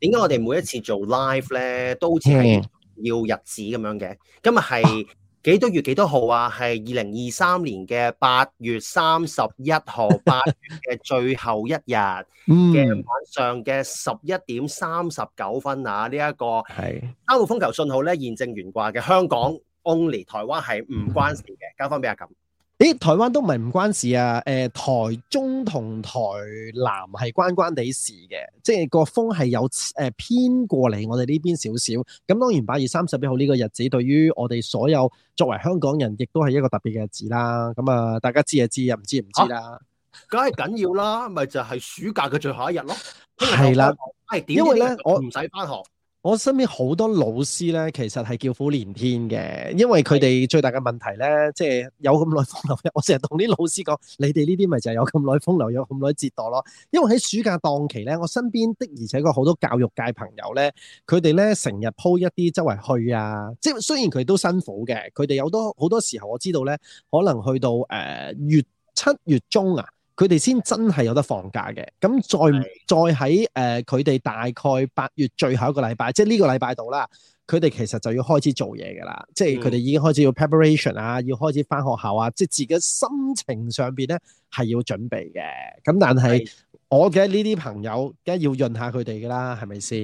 點解我哋每一次做 live 咧，都好似係要日子咁樣嘅、嗯？今日係。幾多月幾多號啊？係二零二三年嘅八月三十一號，八月嘅最後一日嘅晚上嘅十一點三十九分啊！呢、這、一個三號風球信號咧，現正懸掛嘅，香港 only，台灣係唔關事嘅，交翻俾阿感。誒，台灣都唔係唔關事啊，誒，台中同台南係關關哋事嘅，即係個風係有誒偏過嚟，我哋呢邊少少，咁當然八月三十一號呢個日子對於我哋所有作為香港人，亦都係一個特別嘅日子啦，咁啊，大家知就知，唔知唔知啦，梗係緊要啦，咪就係、是、暑假嘅最後一日咯，係啦，因為咧我唔使返學。我身邊好多老師咧，其實係叫苦連天嘅，因為佢哋最大嘅問題咧，即係有咁耐風流。我成日同啲老師講：「你哋呢啲咪就有咁耐風流，有咁耐折墮咯。」因為喺暑假檔期咧，我身邊的而且確好多教育界朋友咧，佢哋咧成日鋪一啲周圍去啊，即係雖然佢都辛苦嘅，佢哋有多好多時候我知道咧，可能去到誒、呃、月七月中啊。佢哋先真係有得放假嘅，咁再再喺誒佢哋大概八月最後一個禮拜，即係呢個禮拜度啦。佢哋其實就要開始做嘢噶啦，嗯、即係佢哋已經開始要 preparation 啊，要開始翻學校啊，即係自己心情上邊咧係要準備嘅。咁但係我嘅呢啲朋友，梗係要潤下佢哋噶啦，係咪先？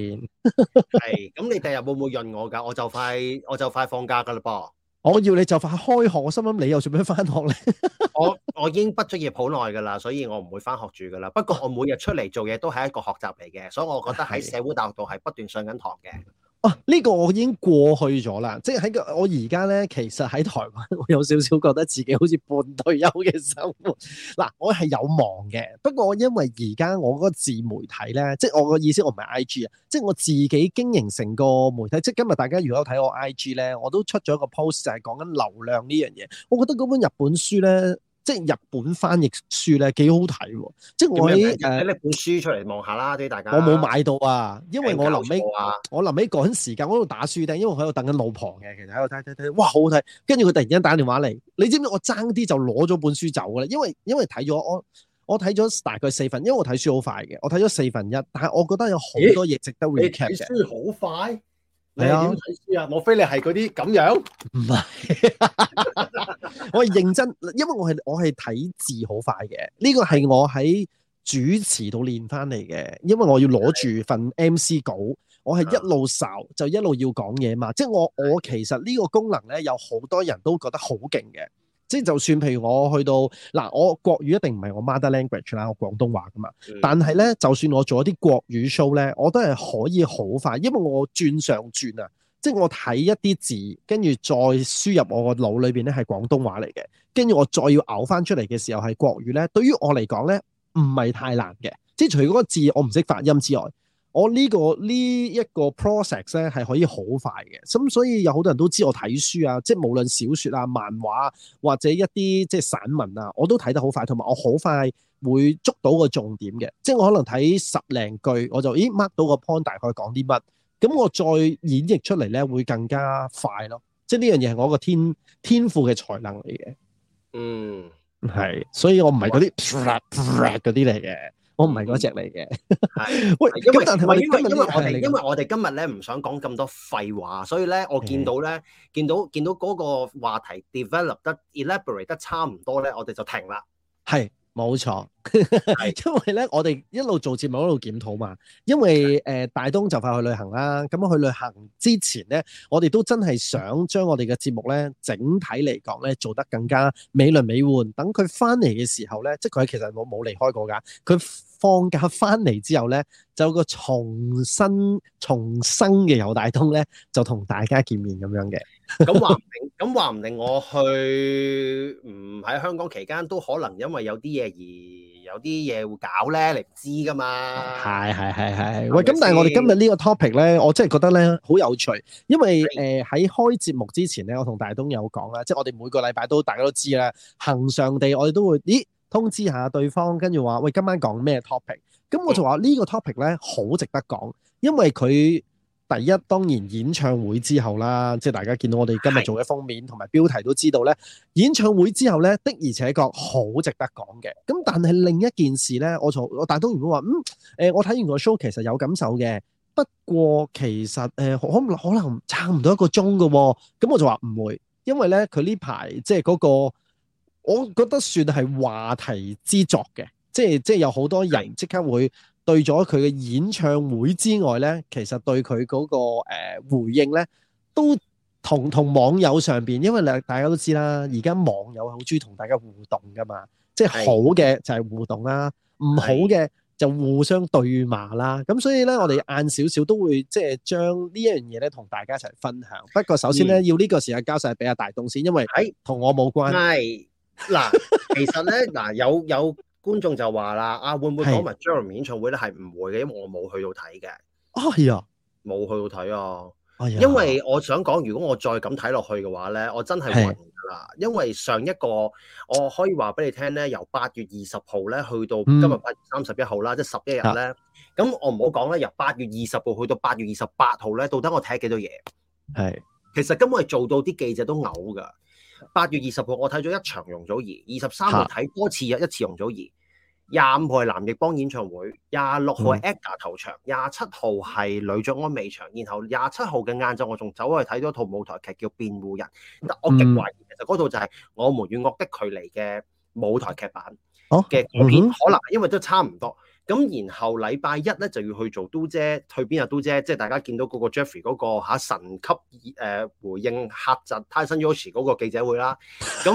係， 咁你第日會唔會潤我噶？我就快我就快放假噶啦噃。我要你就快開學，我心諗你又做咩返學咧？ 我我已經畢咗業好耐㗎啦，所以我唔會返學住㗎啦。不過我每日出嚟做嘢都係一個學習嚟嘅，所以我覺得喺社會大學度係不斷上緊堂嘅。哦、啊，呢、這個我已經過去咗啦，即係喺我而家咧，其實喺台灣，我有少少覺得自己好似半退休嘅生活。嗱，我係有忙嘅，不過因為而家我嗰個自媒體咧，即係我個意思，我唔係 I G 啊，即係我自己經營成個媒體。即係今日大家如果有睇我 I G 咧，我都出咗一個 post 就係講緊流量呢樣嘢。我覺得嗰本日本書咧。即係日本翻譯書咧，幾好睇喎！即係我喺誒拎本書出嚟望下啦，啲大家。啊、我冇買到啊，因為我臨尾、啊、我臨尾趕時間，我喺度打書釘，因為喺度等緊老婆嘅，其實喺度睇睇睇，哇，好好睇！跟住佢突然間打電話嚟，你知唔知我爭啲就攞咗本書走啦？因為因為睇咗我我睇咗大概四分，因為我睇書好快嘅，我睇咗四分一，但係我覺得有好多嘢值得 recap 嘅。書好快。係啊，點睇書啊？莫非你係嗰啲咁樣，唔係， 我係認真，因為我係我係睇字好快嘅，呢個係我喺主持度練翻嚟嘅，因為我要攞住份 MC 稿，我係一路掃就一路要講嘢嘛，即、嗯、係、就是、我我其實呢個功能咧有好多人都覺得好勁嘅。即係就算譬如我去到嗱，我國語一定唔係我 mother language 啦，我廣東話㗎嘛、嗯。但係咧，就算我做一啲國語 show 咧，我都係可以好快，因為我轉上轉啊，即係我睇一啲字，跟住再輸入我個腦裏面咧係廣東話嚟嘅，跟住我再要咬翻出嚟嘅時候係國語咧，對於我嚟講咧唔係太難嘅，即係除咗個字我唔識發音之外。我呢個呢一個 process 咧係可以好快嘅，咁所以有好多人都知我睇書啊，即係無論小說啊、漫畫或者一啲即係散文啊，我都睇得好快，同埋我好快會捉到個重點嘅，即係我可能睇十零句我就咦 mark 到個 point 大概講啲乜，咁我再演繹出嚟咧會更加快咯，即係呢樣嘢係我個天天賦嘅才能嚟嘅。嗯，係，所以我唔係嗰啲嗰啲嚟嘅。我唔係嗰隻嚟嘅，係喂，因為因為我哋因為我哋今日咧唔想講咁多廢話，所以咧我見到咧見到見到嗰個話題 develop 得 elaborate 得差唔多咧，我哋就停啦。係。冇錯，因為咧，我哋一路做節目一路檢討嘛。因為誒，大東就快去旅行啦。咁去旅行之前呢，我哋都真係想將我哋嘅節目呢，整體嚟講呢，做得更加美輪美奐。等佢翻嚟嘅時候呢，即係佢其實冇冇離開過噶。佢放假翻嚟之後呢，就有個重新重生嘅有大東呢，就同大家見面咁樣嘅。咁話唔定，咁話唔定，我去唔喺香港期間都可能因為有啲嘢而有啲嘢會搞咧，你唔知噶嘛？係係係係，喂！咁但係我哋今日呢個 topic 咧，我真係覺得咧好有趣，因為誒喺開節目之前咧，我同大東有講啦，即係我哋每個禮拜都大家都知啦，恒常地我哋都會咦通知下對方，跟住話喂今晚講咩 topic，咁我就話呢個 topic 咧好值得講，因為佢。第一當然演唱會之後啦，即係大家見到我哋今日做嘅封面同埋標題都知道呢。演唱會之後呢的而且確好值得講嘅。咁但係另一件事呢，我我大東如果話嗯、呃、我睇完個 show 其實有感受嘅，不過其實、呃、可能可能差唔多一個鐘嘅喎，咁我就話唔會，因為呢佢呢排即係嗰個，我覺得算係話題之作嘅，即係即係有好多人即刻會。對咗佢嘅演唱會之外咧，其實對佢嗰個誒回應咧，都同同網友上邊，因為兩大家都知啦，而家網友好鍾意同大家互動㗎嘛，即係好嘅就係互動啦，唔好嘅就互相對罵啦。咁所以咧，我哋晏少少都會即係將呢一樣嘢咧，同大家一齊分享。不過首先咧，要呢個時間交晒俾阿大東先，因為誒同我冇關係。嗱，其實咧，嗱有有。觀眾就話啦，啊會唔會講埋 Jeremy 演唱會咧？係唔會嘅，因為我冇去到睇嘅。哦，係啊，冇去到睇啊，因為我想講，如果我再咁睇落去嘅話咧，我真係暈㗎啦。Hey. 因為上一個我可以話俾你聽咧，由八月二十號咧去到今日八月三十一號啦，mm. 即係十一日咧。咁、yeah. 我唔好講咧，由八月二十號去到八月二十八號咧，到底我睇幾多嘢？係、yeah.，其實根本係做到啲記者都嘔㗎。八月二十號我睇咗一場容祖兒，二十三號睇多次啊、yeah. 一次容祖兒。廿五號係藍奕邦演唱會，廿六號係 Edgar 頭場，廿七號係呂爵安尾場，然後廿七號嘅晏晝我仲走去睇咗套舞台劇叫《辯護人》，但我極懷疑、嗯、其實嗰套就係《我們與惡的距離》嘅舞台劇版的哦，嘅、嗯、片，可能因為都差唔多。咁然後禮拜一咧就要去做都姐，去邊呀都姐？即、就、係、是、大家見到嗰個 Jeffrey 嗰、那個嚇、啊、神級誒、呃、回應客窒 Tyson Yoshi 時嗰個記者會啦。咁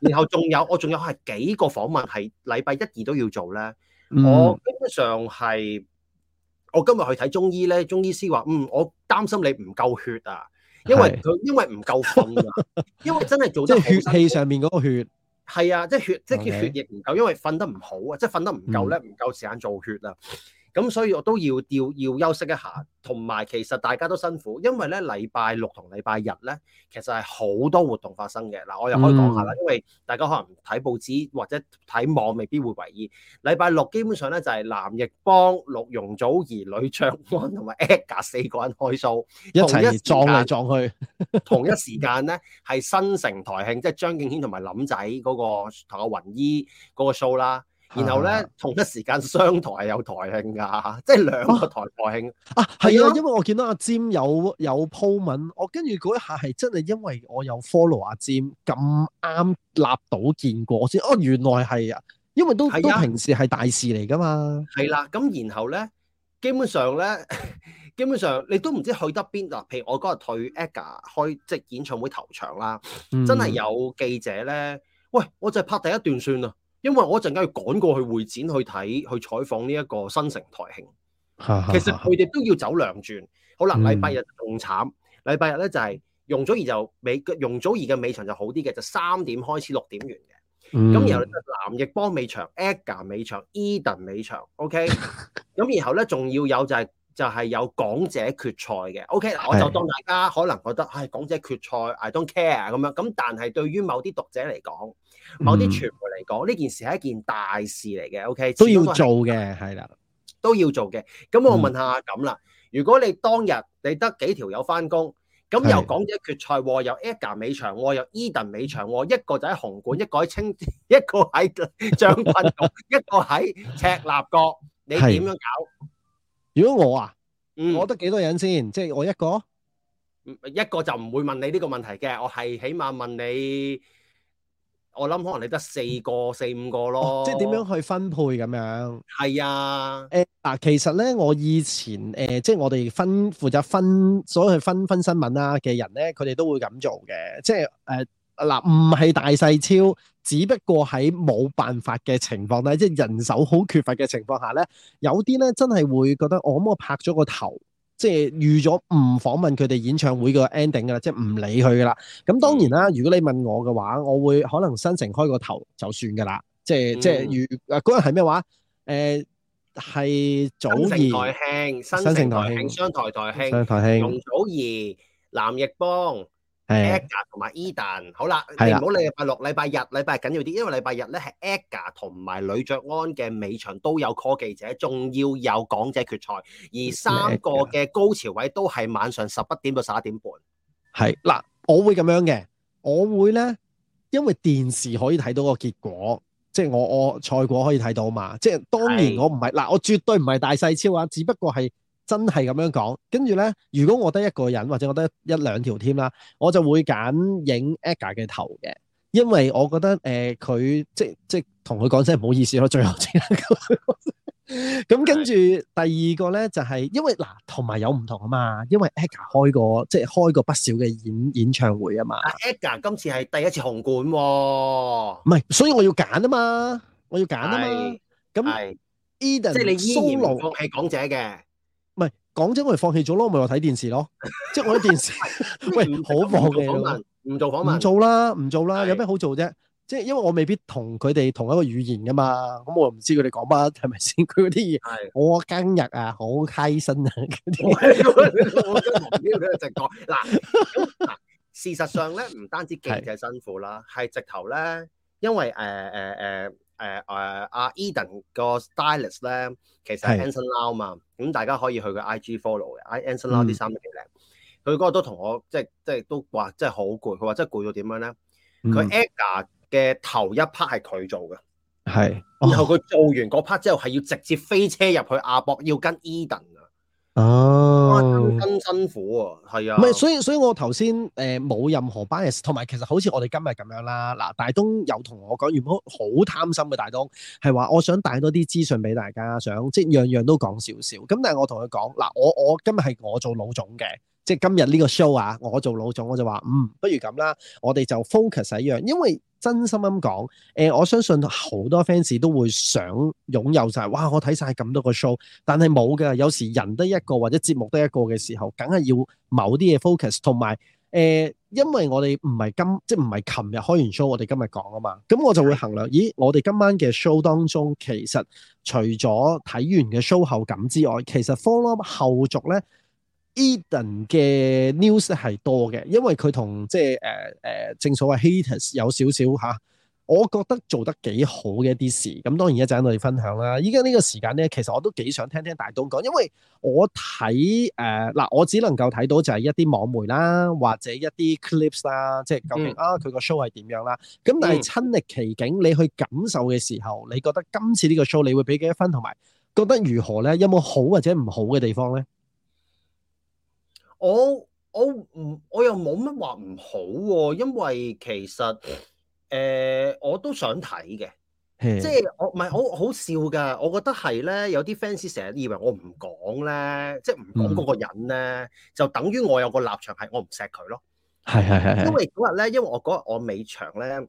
然後仲有 我仲有係幾個訪問係禮拜一、二都要做咧、嗯。我基本上係我今日去睇中醫咧，中醫師話：嗯，我擔心你唔夠血啊，因為佢因為唔夠瞓啊，因為， 因為真係做得即血氣上面嗰個血。係啊，即係血，即、okay. 係血液唔夠，因為瞓得唔好啊，即係瞓得唔夠咧，唔夠時間做血啊。咁所以我，我都要調要休息一下，同埋其實大家都辛苦，因為咧禮拜六同禮拜日咧，其實係好多活動發生嘅嗱，我又可以講下啦，因為大家可能睇報紙或者睇網未必會為意。禮拜六基本上咧就係藍奕邦、陸容祖兒、呂爵安同埋 e g a 四個人開 show，一齊撞嚟撞去。同一時間咧係 新城台慶，即係張敬軒同埋林仔嗰、嗰個同阿雲姨嗰個 show 啦。然後咧、啊，同一時間商台有台慶噶，即係兩個台台慶啊，係啊，啊，啊，因為我見到阿占有有鋪文，我跟住嗰一下係真係因為我有 follow 阿占咁，啱立到見過先，哦、啊，原來係啊，因為都是、啊、都平時係大事嚟噶嘛。係啦、啊，咁然後咧，基本上咧，基本上你都唔知去得邊嗱，譬如我嗰日退 Egg 開，即係、就是、演唱會頭場啦、嗯，真係有記者咧，喂，我就係拍第一段算啦。因為我陣間要趕過去會展去睇去採訪呢一個新城台慶， 其實佢哋都要走兩轉。好啦，禮拜日仲慘。禮、嗯、拜日咧就係容祖兒就尾容祖兒嘅尾場就好啲嘅，就三點開始六點完嘅。咁、嗯、然後藍奕邦尾場、AGA 尾場、Edan 尾場，OK。 咁然後咧仲要有就係、是、就係、是、有港姐決賽嘅。OK，我就當大家可能覺得唉、哎、港姐決賽 I don't care 咁樣。咁但係對於某啲讀者嚟講，某啲傳媒嚟講，呢件事係一件大事嚟嘅。O K 都要做嘅，係啦，都要做嘅。咁我問下咁啦，如果你當日你得幾條友翻工，咁又港姐決賽，又 AGA 尾場，又 Edan 尾場，一個就喺紅館，一個喺青，一個喺將軍澳，一個喺赤鱲角，你點樣搞？如果我啊，我得幾多人先？即係我一個，一個就唔會問你呢個問題嘅。我係起碼問你。我諗可能你得四個四五個咯，哦、即係點樣去分配咁樣？係啊，誒、呃、嗱，其實咧我以前誒、呃，即係我哋分負責分，所以分分新聞啦嘅人咧，佢哋都會咁做嘅，即係誒嗱，呃、唔係大細超，只不過喺冇辦法嘅情況咧，即係人手好缺乏嘅情況下咧，有啲咧真係會覺得，我咁我拍咗個頭。即係預咗唔訪問佢哋演唱會個 ending 噶啦，即係唔理佢噶啦。咁當然啦，如果你問我嘅話，我會可能新城開個頭就算噶啦。即係即係如啊，嗰人係咩話？誒、呃、係祖兒，新城台慶，新城台慶，雙台台慶，雙台慶，台慶台慶、台慶，容祖兒、藍奕邦。Eric 同埋 Eden，好啦，你唔好你禮拜六、禮拜日、禮拜緊要啲，因為禮拜日咧係 Eric 同埋呂爵安嘅尾場都有科技者，仲要有港姐決賽，而三個嘅高潮位都係晚上十一點到十一點半。係嗱，我會咁樣嘅，我會咧，因為電視可以睇到個結果，即係我我賽果可以睇到嘛。即係當然我唔係嗱，我絕對唔係大細超啊，只不過係。真係咁樣講，跟住咧，如果我得一個人或者我得一兩條添啦，我就會揀影 AGA 嘅頭嘅，因為我覺得誒佢、呃、即即同佢講聲唔好意思咯，最後請咁跟住第二個咧就係、是、因為嗱、啊、同埋有唔同啊嘛，因為 AGA 開過即係開過不少嘅演演唱會嘛啊嘛，AGA 今次係第一次紅館、哦，唔係所以我要揀啊嘛，我要揀啊嘛，咁 Edan 即係你依然係 solo 嘅。講真我哋放棄咗咯，我咪話睇電視咯， 即係我啲電視 喂好放嘅，唔做訪問唔做啦，唔做啦，唔做有咩好做啫？即係因為我未必同佢哋同一個語言噶嘛，咁我又唔知佢哋講乜係咪先？佢嗰啲嘢，我今日啊好開心啊！嗰啲、哎、我真係唔知佢直講嗱，事實上咧唔單止勁嘅辛苦啦，係直頭咧，因為誒誒誒。呃呃呃誒誒阿 Eden 個 stylist 咧，其實係 Anson Lau 啊嘛，咁、嗯、大家可以去佢 IG follow 嘅，I Anson Lau 啲衫都幾靚。佢、嗯、嗰個都同我即係即係都話，即係好攰。佢話即係攰到點樣咧？佢 Edgar 嘅頭一 part 係佢做嘅，係，然後佢做完嗰 part 之後，係要直接飛車入去亞博，要跟 Eden。哦真，真辛苦啊，係啊，唔係，所以所以我頭先誒冇任何 bias，同埋其實好似我哋今日咁樣啦，嗱，大東有同我講，原本好貪心嘅大東係話我想帶多啲資訊俾大家，想即係樣樣都講少少，咁但係我同佢講嗱，我我今日係我做老總嘅，即係今日呢個 show 啊，我做老總我就話，嗯，不如咁啦，我哋就 focus 一樣，因為。真心咁講、呃，我相信好多 fans 都會想擁有曬、就係，哇！我睇晒咁多個 show，但係冇嘅。有時人得一個或者節目得一個嘅時候，梗係要某啲嘢 focus。同埋、呃、因為我哋唔係今即係唔係琴日開完 show，我哋今日講啊嘛。咁我就會衡量，咦？我哋今晚嘅 show 當中，其實除咗睇完嘅 show 後感之外，其實 follow up 後續咧。Eden 嘅 news 係係多嘅，因為佢同即係誒誒，正所謂 haters 有少少嚇，我覺得做得幾好嘅一啲事。咁當然一陣我哋分享啦。依家呢個時間咧，其實我都幾想聽聽大東講，因為我睇嗱、呃，我只能夠睇到就係一啲網媒啦，或者一啲 clips 啦，即係究竟、嗯、啊佢個 show 係點樣啦。咁、嗯、但係親歷其境，你去感受嘅時候，你覺得今次呢個 show 你會俾幾多分，同埋覺得如何咧？有冇好或者唔好嘅地方咧？我我唔我又冇乜話唔好喎、啊，因為其實誒、呃、我都想睇嘅，即係我唔係好好笑㗎。我覺得係咧，有啲 fans 成日以為我唔講咧，即係唔講嗰個人咧、嗯，就等於我有個立場係我唔錫佢咯。係係係，因為嗰日咧，因為我嗰日我尾場咧。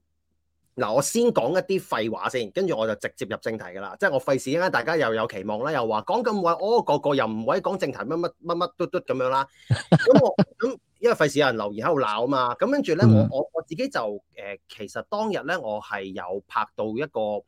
嗱，我先講一啲廢話先，跟住我就直接入正題噶啦。即係我費事，一陣大家又有期望啦，又話講咁話，哦，個個又唔可以講正題乜乜乜乜嘟嘟咁樣啦。咁我咁因為費事有人留言喺度鬧啊嘛。咁跟住咧，我我我自己就誒、呃，其實當日咧我係有拍到一個誒、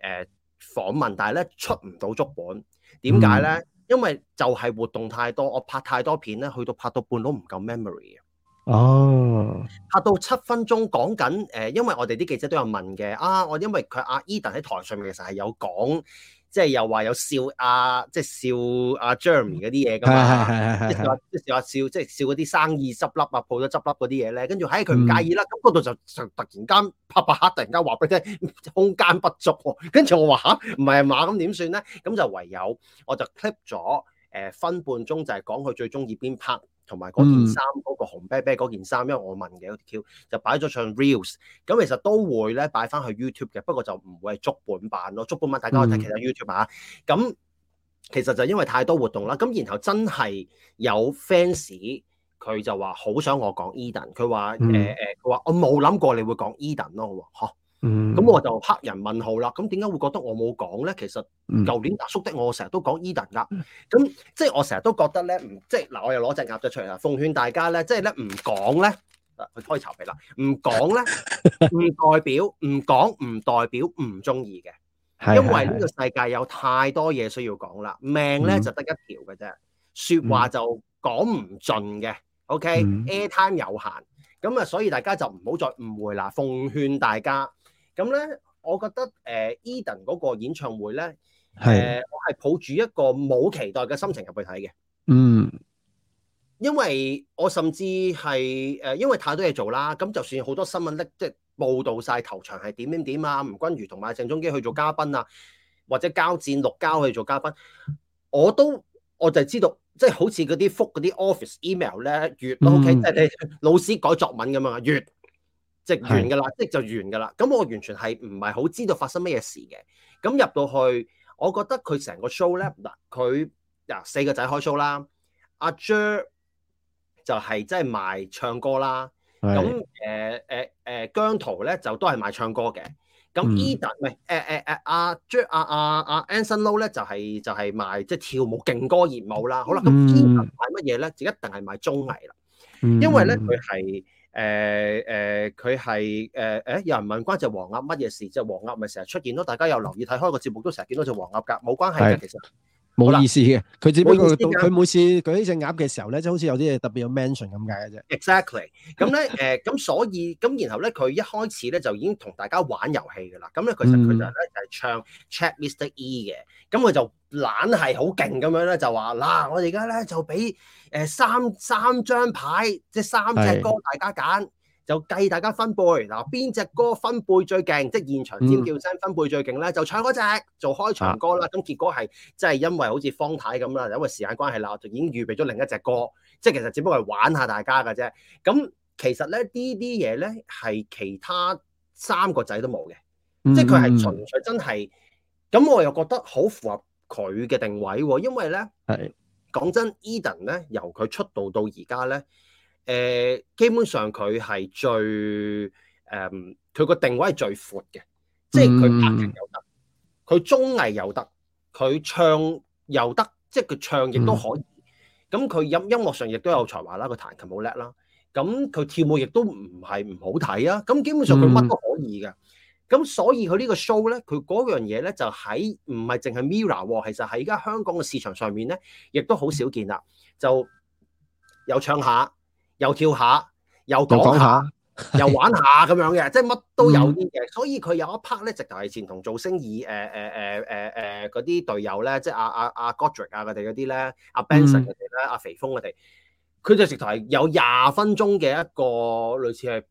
呃、訪問，但係咧出唔到足本。點解咧？因為就係活動太多，我拍太多片咧，去到拍到半都唔夠 memory 嘅。哦、oh.，拍到七分鐘講緊因為我哋啲記者都有問嘅啊，我因為佢阿 Edan 喺台上面其實係有講，即、就、係、是、又話有笑阿即係笑阿、啊就是啊、Jeremy 嗰啲嘢噶嘛，即係笑即笑阿、就是、笑即係、就是、笑嗰啲生意執笠啊，抱咗執笠嗰啲嘢咧，跟住喺佢唔介意啦，咁嗰度就就突然間啪啪嚇，突然間話俾你聽空間不足喎、啊，跟住我話嚇唔係啊嘛，咁點算咧？咁就唯有我就 clip 咗、呃、分半鐘就係講佢最中意邊 part。同埋嗰件衫，嗰、嗯嗰個紅啤啤嗰件衫，因為我問嘅嗰條 Q，就擺咗上 Reels，咁其實都會咧擺翻去 YouTube 嘅，不過就唔會係足本版咯，足本版大家可以睇、嗯、其他 YouTuber 啊。咁其實就因為太多活動啦，咁然後真係有 fans 佢就話好想我講 Edan，佢話誒，佢話我冇諗過你會講 Edan 咯，嚇。嗯，咁我就黑人問號啦。咁點解會覺得我冇講咧？其實舊年大叔的我成日都講 Edan 啦，咁即係我成日都覺得咧，唔即係嗱，我又攞隻鴨仔出嚟啦。奉勸大家咧，即係咧唔講咧，去開籌備啦。唔講咧，唔代表唔講，唔代表唔中意嘅，因為呢個世界有太多嘢需要講啦。命咧就得一條嘅啫，說話就講唔盡嘅。O、okay? K、嗯、airtime 有限，咁啊，所以大家就唔好再誤會啦。奉勸大家。咁咧，我覺得 Edan 嗰個演唱會咧、嗯呃，我係抱住一個冇期待嘅心情入去睇嘅。嗯，因為我甚至係、呃、因為太多嘢做啦。咁就算好多新聞咧，即係報導晒頭場係點點點啊，吳君如同埋鄭中基去做嘉賓啊，或者交戰六交去做嘉賓，我都我就知道，即、就、係、是、好似嗰啲覆嗰啲 office email 咧，越 OK 即係老師改作文咁啊，越。即、就是、完嘅啦，即就是、完嘅啦。咁我完全係唔係好知道發生咩嘢事嘅。咁入到去，我覺得佢成個 show 咧，嗱佢嗱四個仔開 show 啦。阿 Jer 就係即係賣唱歌啦。咁誒誒誒，姜濤咧就都係賣唱歌嘅。咁 Edan 喂誒誒誒，阿 Jer 阿 Anson Lo 咧就係、是、就係、是、賣即係跳舞，就是、跳舞勁歌熱舞啦。嗯、好啦，咁 Edan 賣乜嘢咧？就一定係賣綜藝啦、嗯，因為咧佢係。誒、呃、誒，佢係誒有人問關隻黃鴨乜嘢事？隻黃鴨咪成日出現咯，大家有留意睇開個節目都成日見到隻黃鴨㗎，冇關係嘅，其實。冇意思嘅，佢只不過佢每次舉起隻鴨嘅時候咧，就好似有啲嘢特別有 mention 咁解嘅啫。Exactly，咁咧誒，咁、 呃、所以咁然後咧，佢一開始咧就已經同大家玩遊戲㗎啦。咁咧其實佢就咧就係唱 Check Mr E 嘅，咁佢、嗯、就懶係好勁咁樣咧， 就話嗱，我而家咧就俾誒三三張牌，即係三隻歌大家揀。就計大家分貝，嗱，邊隻歌分貝最勁，即係現場尖叫聲分貝最勁咧、嗯，就唱嗰隻做開場歌啦。咁結果係即係因為好似方太咁啦，有個時間關係啦，就已經預備咗另一隻歌。即係其實只不過係玩一下大家嘅啫。咁其實咧呢啲嘢咧係其他三個仔都冇嘅、嗯，即係佢係純粹真係。咁我又覺得好符合佢嘅定位喎，因為咧講真，Eden 咧由佢出道到而家咧。誒、呃，基本上佢係最，誒，佢、呃、個定位係最闊嘅、嗯，即係佢拍劇又得，佢綜藝又得，佢唱又得，即係佢唱亦、嗯、都可以。咁佢音音樂上亦都有才華啦，佢彈琴好叻啦。咁佢跳舞亦都唔係唔好睇啊。咁基本上佢乜都可以嘅。咁所以佢呢個 show 咧，佢嗰樣嘢咧就喺唔係淨係 Mirror，其實喺而家香港嘅市場上面咧，亦都好少見啦。就有唱下。又跳下，又講下，又玩下咁樣嘅，即係乜都有啲嘅，嗯。所以佢有一 part 咧，直頭係前同造星二誒誒誒誒誒嗰啲隊友咧，即係阿阿阿 Godric 啊佢哋嗰啲咧，阿、啊、Benson 佢哋咧，阿、嗯啊、肥峯佢哋，佢就直頭係有廿分鐘嘅一個類似係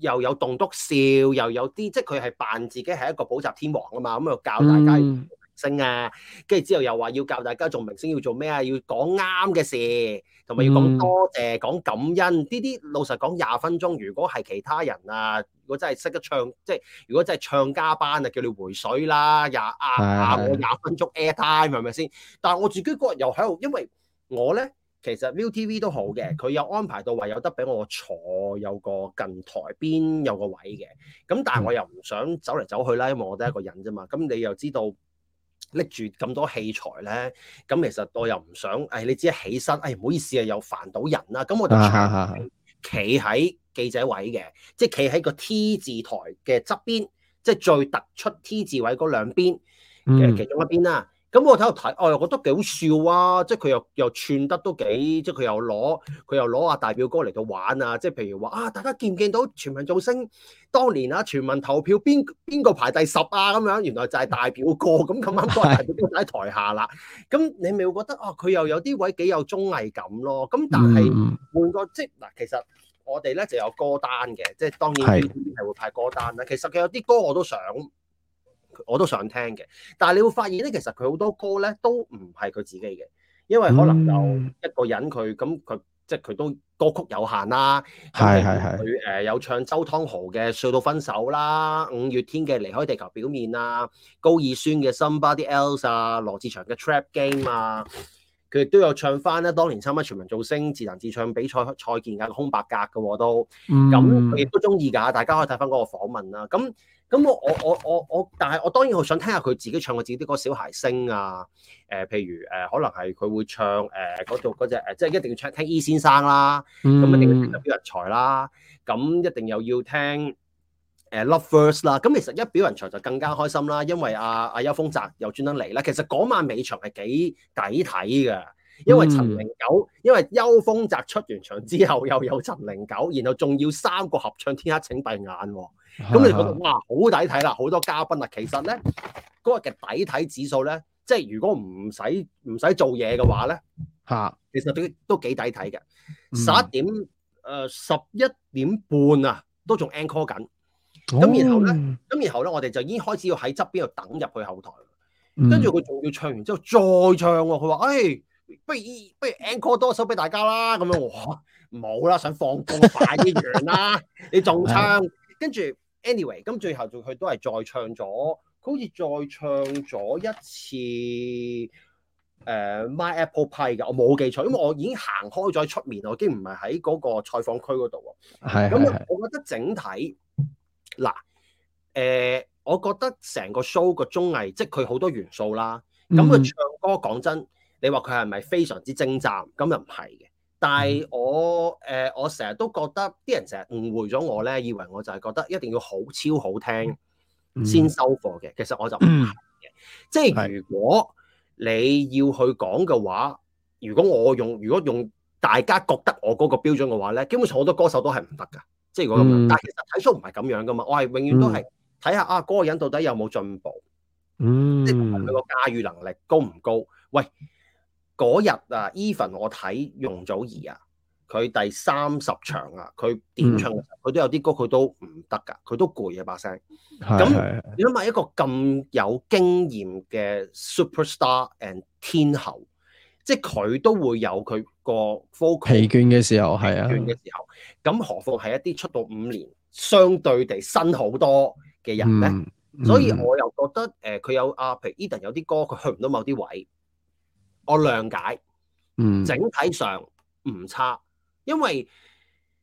又有棟篤笑，又有啲即係佢係扮自己係一個補習天王啊嘛，咁又教大家明星啊，跟、嗯、住之後又話要教大家做明星要做咩啊，要講啱嘅事。同埋要講多誒講感恩，呢啲老實講廿分鐘。如果係其他人啊，如果真係識得唱，即係如果真係唱加班啊，叫你回水啦，廿啊我廿分鐘 air time 係咪先？但係我自己個人又喺度，因為我咧其實 ViuTV 都好嘅，佢有安排到話有得俾我坐，有個近台邊有個位嘅。咁但係我又唔想走嚟走去啦，因為我得一個人啫嘛。咁你又知道。拎住咁多器材咧，咁其實我又唔想，誒、哎、你只一起身，誒、哎、唔好意思啊，又煩到人啦，咁我就長住企喺記者位嘅、啊啊啊，即係企喺個 T 字台嘅側邊，即係最突出 T 字位嗰兩邊嘅其中一邊啦。咁我睇又睇，我又覺得幾好笑啊！即係佢又又串得都幾，即係佢又攞佢又攞阿大表哥嚟到玩啊！即係譬如話啊，大家見唔見到全民造星當年啊？全民投票邊邊個排第十啊？咁樣原來就係大表哥咁咁啱都係表哥喺台下啦。咁你咪會覺得啊，佢又有啲位幾有綜藝感咯。咁但係換個、嗯、即嗱，其實我哋咧就有歌單嘅，即係當然係會派歌單啦。其實佢有啲歌我都想。我都想聽嘅，但係你會發現咧，其實佢好多歌咧都唔係佢自己嘅，因為可能有一個人佢咁佢即係佢都歌曲有限啦。係係係佢誒有唱周湯豪嘅《隧道分手》啦，五月天嘅《離開地球表面》啊，高爾宣嘅《Somebody Else》啊，羅志祥嘅《Trap Game》啊。佢亦都有唱翻咧，當年參加全民造星自彈自唱比賽，蔡健雅嘅空白格㗎喎，都咁亦都中意㗎，大家可以睇翻嗰個訪問啦。咁咁我我我我我，但係我當然好想聽下佢自己唱過自己啲歌，小孩聲啊，呃、譬如、呃、可能係佢會唱嗰度嗰隻即係一定要唱聽 E 先生啦，咁、嗯、一,一定要聽得日才啦，咁一定又要聽。誒、uh, love first 啦，咁其實一表人才就更加開心啦，因為阿、啊、阿邱鋒澤又專登嚟啦。其實嗰晚尾場係幾抵睇嘅，因為陳零九、嗯，因為邱鋒澤出完場之後又有陳零九，然後仲要三個合唱，天黑請閉眼。咁你覺得哇，好抵睇啦，好多嘉賓啊。其實咧嗰日嘅抵睇指數咧，即係如果唔使唔使做嘢嘅話咧嚇，其實佢都幾抵睇嘅。十、嗯、一點誒十一點半啊，都仲 encore 緊。咁然後咧，咁、oh. 然後咧，我哋就已經開始要喺側邊度等入去後台，跟住佢仲要唱完之後再唱喎、啊。佢話，哎，不如不如 encore 多首俾大家啦。咁樣哇，唔好啦，想放工快啲完啦。你仲唱，跟住 anyway，咁最後仲佢都係再唱咗，佢好似再唱咗一次誒、呃、my apple pie 嘅。我冇記錯，因為我已經行開咗出面，我已經唔係喺嗰個採訪區嗰度啊。咁 我覺得整體。嗱，誒、呃，我覺得成個 show 個綜藝，即係佢好多元素啦。咁、嗯、佢唱歌，講真，你話佢係咪非常之精湛？咁又唔係嘅。但係我誒、呃，我成日都覺得啲人成日誤會咗我咧，以為我就係覺得一定要好超好聽、嗯、先收貨嘅。其實我就唔係嘅。即係如果你要去講嘅話的，如果我用，如果用大家覺得我嗰個標準嘅話咧，基本上好多歌手都係唔得噶。即係如果咁樣，嗯、但係其實睇 show 唔係咁樣噶嘛，我係永遠都係睇下、嗯、啊嗰、那個人到底有冇進步，嗯、即係佢個駕馭能力高唔高？喂，嗰日啊 Evan 我睇容祖兒啊，佢第三十場啊，佢點唱佢、嗯、都有啲歌佢都唔得㗎，佢都攰啊把聲。咁你諗下一個咁有經驗嘅 superstar and 天后。即係佢都會有佢個 focus 疲倦嘅時候，係啊，疲倦嘅時候，咁、啊、何況係一啲出道五年，相對地新好多嘅人咧、嗯，所以我又覺得誒，佢有阿譬如 Edan 有啲歌佢去唔到某啲位，我諒解。嗯，整體上唔差，因為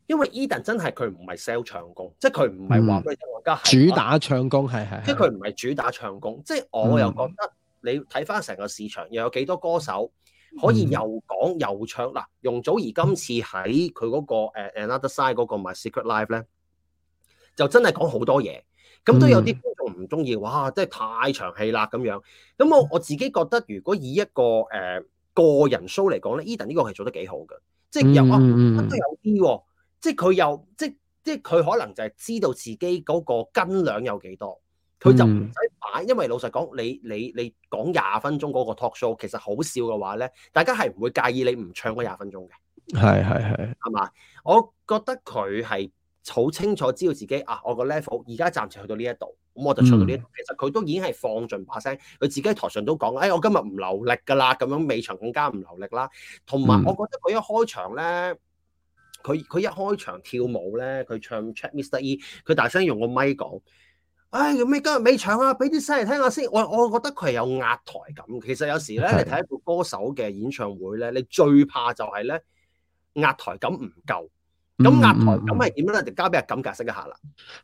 因為 Edan 真係佢唔係 sell 唱功，即係佢唔係話佢而家主打唱功係係，即係佢唔係主打唱功。是是是即係、嗯、我又覺得你睇返成個市場又有幾多歌手。可以又講又唱嗱，容祖兒今次喺佢嗰個 Another Side 嗰個 My Secret l i f e 咧，就真係講好多嘢，咁都有啲觀眾唔中意，哇！真係太長氣啦，咁樣，咁我我自己覺得，如果以一個誒、呃、個人 show 嚟講咧 e d e n 呢個係做得幾好嘅、就是 mm-hmm. 啊啊，即又啊乜都有啲喎，即佢又即即佢可能就係知道自己嗰個斤兩有幾多。佢就唔使擺，因為老實講，你你你講廿分鐘嗰個 talk show 其實好笑嘅話咧，大家係唔會介意你唔唱嗰廿分鐘嘅。係係係，係嘛？我覺得佢係好清楚知道自己啊，我個 level 而家暫時去到呢一度，咁我就唱到呢一度。嗯、其實佢都已經係放盡把聲，佢自己喺台上都講，誒、哎，我今日唔流力㗎喇，咁樣尾場更加唔流力啦。同埋，我覺得佢一開場咧，佢佢一開場跳舞咧，佢唱 Check Mr. E，佢大聲用個麥講。唉，咁今日尾場啊？俾啲聲嚟聽下先。我我覺得佢係有壓台感。其實有時咧，你睇一部歌手嘅演唱會咧，你最怕就係咧壓台感唔夠。咁壓台感係點樣咧？就交俾阿感解釋一下啦。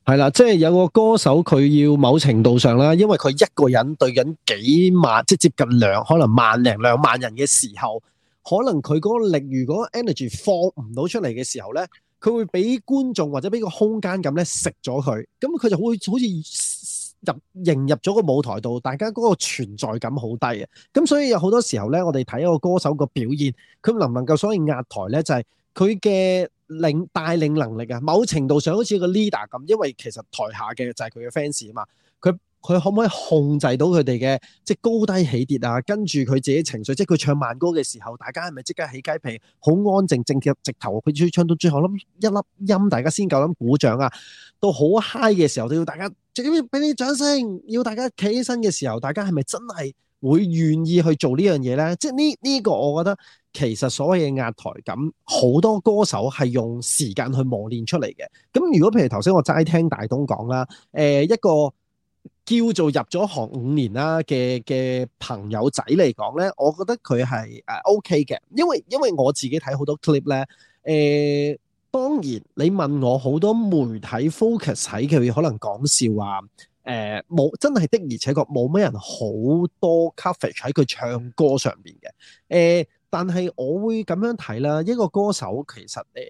係啦，即係有個歌手佢要某程度上啦，因為佢一個人對緊幾萬，即接近兩可能萬零兩萬人嘅時候，可能佢嗰個力，如果 energy 放唔到出嚟嘅時候咧。佢會俾觀眾或者俾個空間咁咧食咗佢，咁佢就會好似入融入咗個舞台度，大家嗰個存在感好低啊！咁所以有好多時候咧，我哋睇一個歌手個表現，佢能唔能夠所謂壓台咧，就係佢嘅領帶領能力啊。某程度上好似個 leader 咁，因為其實台下嘅就係佢嘅 fans 啊嘛，佢。佢可唔可以控制到佢哋嘅即係高低起跌啊？跟住佢自己情緒，即係佢唱慢歌嘅時候，大家係咪即刻起雞皮？好安靜，正極直頭，佢要唱到最後一粒一粒音，大家先夠膽鼓掌啊！到好嗨嘅時候，都要大家即要俾啲掌聲，要大家企起身嘅時候，大家係咪真係會願意去做呢樣嘢咧？即係呢呢個，我覺得其實所謂嘅壓台感，好多歌手係用時間去磨練出嚟嘅。咁如果譬如頭先我齋聽大東講啦，誒、呃、一個。叫做入咗行五年啦嘅嘅朋友仔嚟講咧，我覺得佢係誒 OK 嘅，因為因為我自己睇好多 clip 咧，誒、呃、當然你問我好多媒體 focus 喺佢可能講笑話，誒、呃、冇真係的而且確冇咩人好多 coverage 喺佢唱歌上邊嘅，誒、呃、但係我會咁樣睇啦，一個歌手其實誒。呃